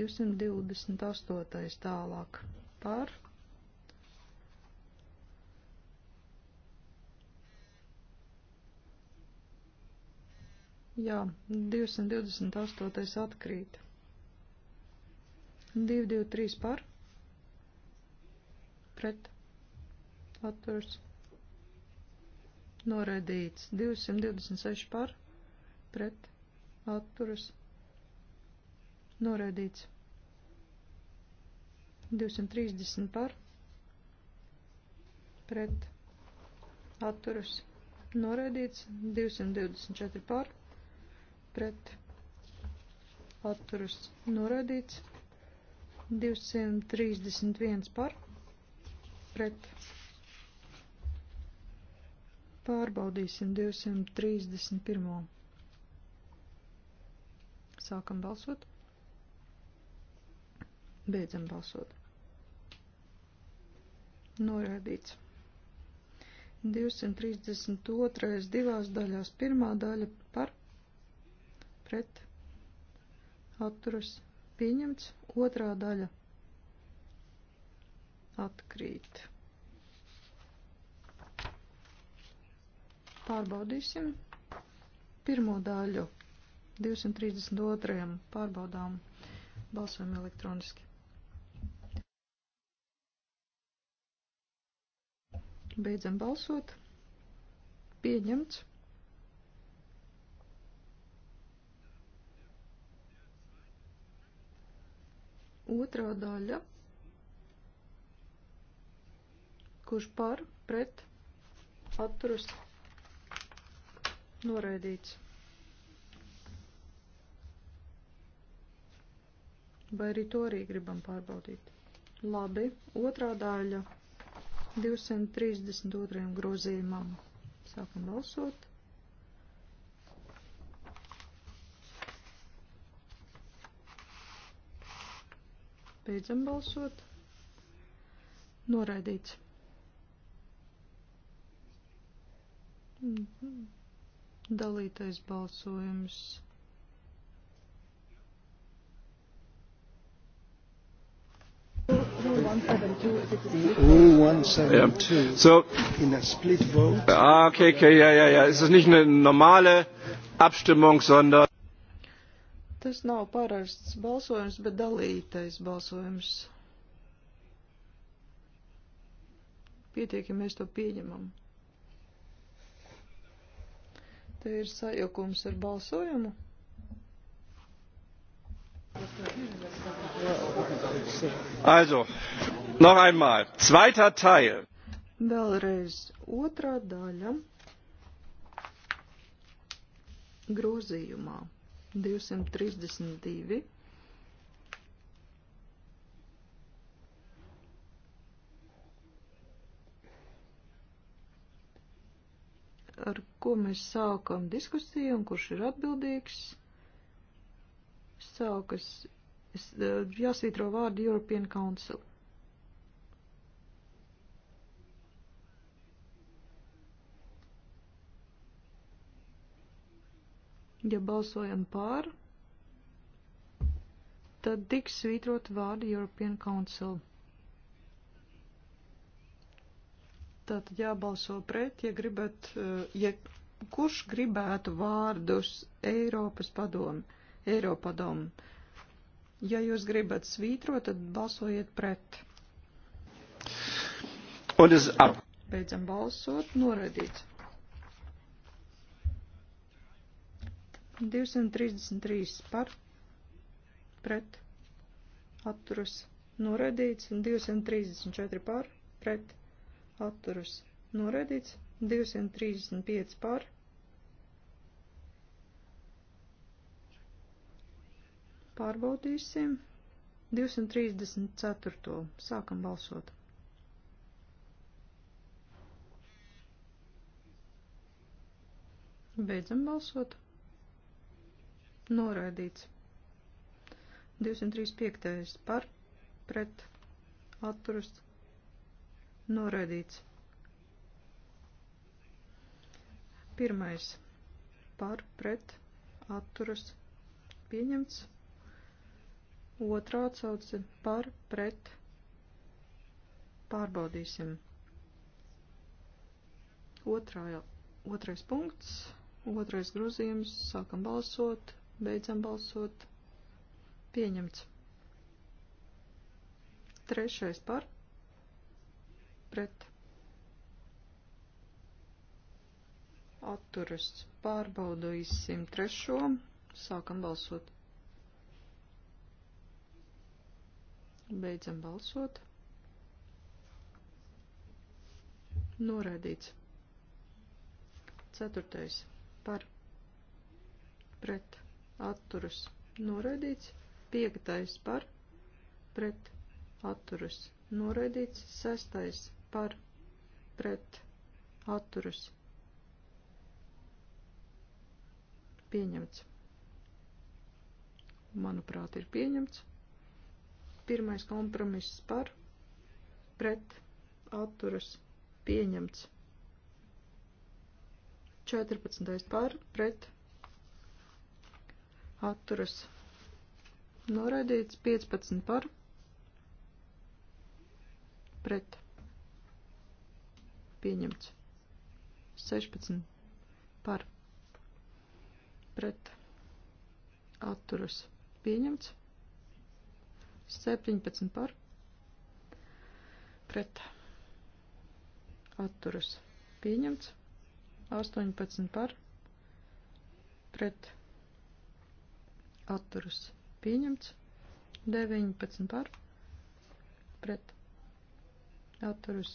Divsimt divdesmit astotais tālāk par. Jā, 228 atkrīt. 223 par pret atturs noraidīts 226 par pret atturs noraidīts 230 par pret atturs noraidīts 224 par pret atturs noraidīts 231 par pret. Pārbaudīsim 231. Sākam balsot. Beidzam balsot. Noraidīts. 232. divās daļās. Pirmā daļa par pret atturas pieņemts. Otrā daļa atkrīt. Pārbaudīsim pirmo daļu 232. pārbaudām balsojam elektroniski. Beidzam balsot. Pieņemts. Otrā daļa Kurš par, pret, atturas, noraidīts. Vai arī to arī gribam pārbaudīt? Labi, otrā daļa 232. grozījumam. Sākam balsot. Beidzam balsot. Noraidīts. Mhm. Dalītais balsojums. Ja. So, ah, okay, okay, ja, ja, ja. Es ist nicht eine normale Abstimmung, sondern. Tas nav parasts balsojums, bet dalītais balsojums. Pietiek, ja mēs to pieņemam. Te ir sajukums ar balsojumu. Also, noch einmal, zweiter Teil. Vēlreiz otrā daļa grozījumā 232. ar ko mēs sākam diskusiju un kurš ir atbildīgs. Sākas, es, jāsvītro vārdu European Council. Ja balsojam pār, tad tiks svītrot vārdu European Council. Tātad jābalso pret, ja gribat, eh, ja kurš gribētu vārdus Eiropas padomu, Eiropadomu. Ja jūs gribat svītrot, tad balsojiet pret. Un es ap. Beidzam balsot, noraidīts. 233 par, pret, atturas, noraidīts, un 234 par, pret, atturas noraidīts, 235 par. Pārbaudīsim 234. Sākam balsot. Beidzam balsot. Noraidīts. 235. par pret atturst Noraidīts. Pirmais par pret atturas pieņemts. Otrā atsauce par pret pārbaudīsim. Otrā, otrais punkts, otrais grozījums, sākam balsot, beidzam balsot, pieņemts. Trešais par pret atturas pārbaudīsim trešo, sākam balsot. Beidzam balsot. Noraidīts. Ceturtais par pret atturas noraidīts. Piektais par pret atturas noraidīts. Sestais par pret atturas pieņemts. Manuprāt, ir pieņemts. Pirmais kompromiss par pret atturas pieņemts. 14. par pret atturas noraidīts 15 par pret atturas pieņemts. 16 par pret atturas pieņemts. 17 par pret atturas pieņemts. 18 par pret atturas pieņemts. 19 par pret atturas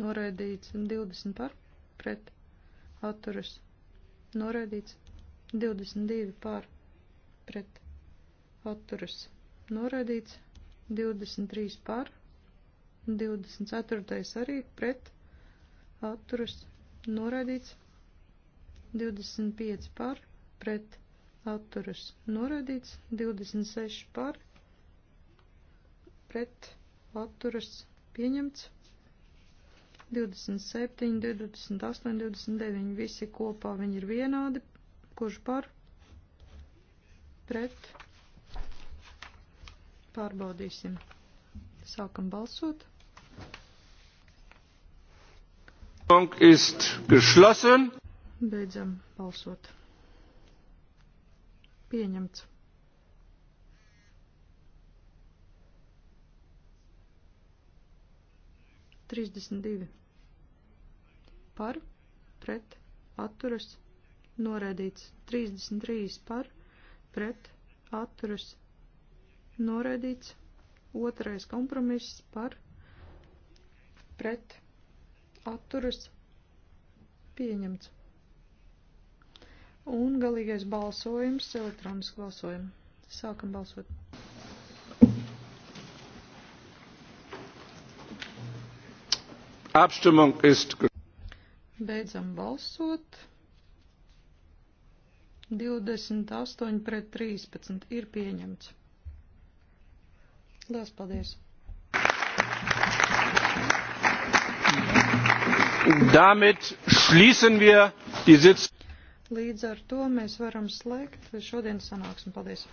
noraidīts, 20 par, pret, atturas, noraidīts, 22 par, pret, atturas, noraidīts, 23 par, 24 arī pret, atturas, noraidīts, 25 par, pret, atturas, noraidīts, 26 par, pret, atturas, pieņemts. 27, 28, 29, visi kopā viņi ir vienādi, kurš par, pret, pārbaudīsim. Sākam balsot. Ist geschlossen. Beidzam balsot. Pieņemts. Trīsdesmit divi par, pret, atturas, noraidīts. 33 par, pret, atturas, noraidīts. Otrais kompromiss par, pret, atturas, pieņemts. Un galīgais balsojums, elektronisku balsojumu. Sākam balsot. Abstimmung ist geschlossen. Beidzam balsot. 28 pret 13 ir pieņemts. Lielas paldies! Damit schließen wir die Sitzung. Līdz ar to mēs varam slēgt šodienas sanāksmi. Paldies!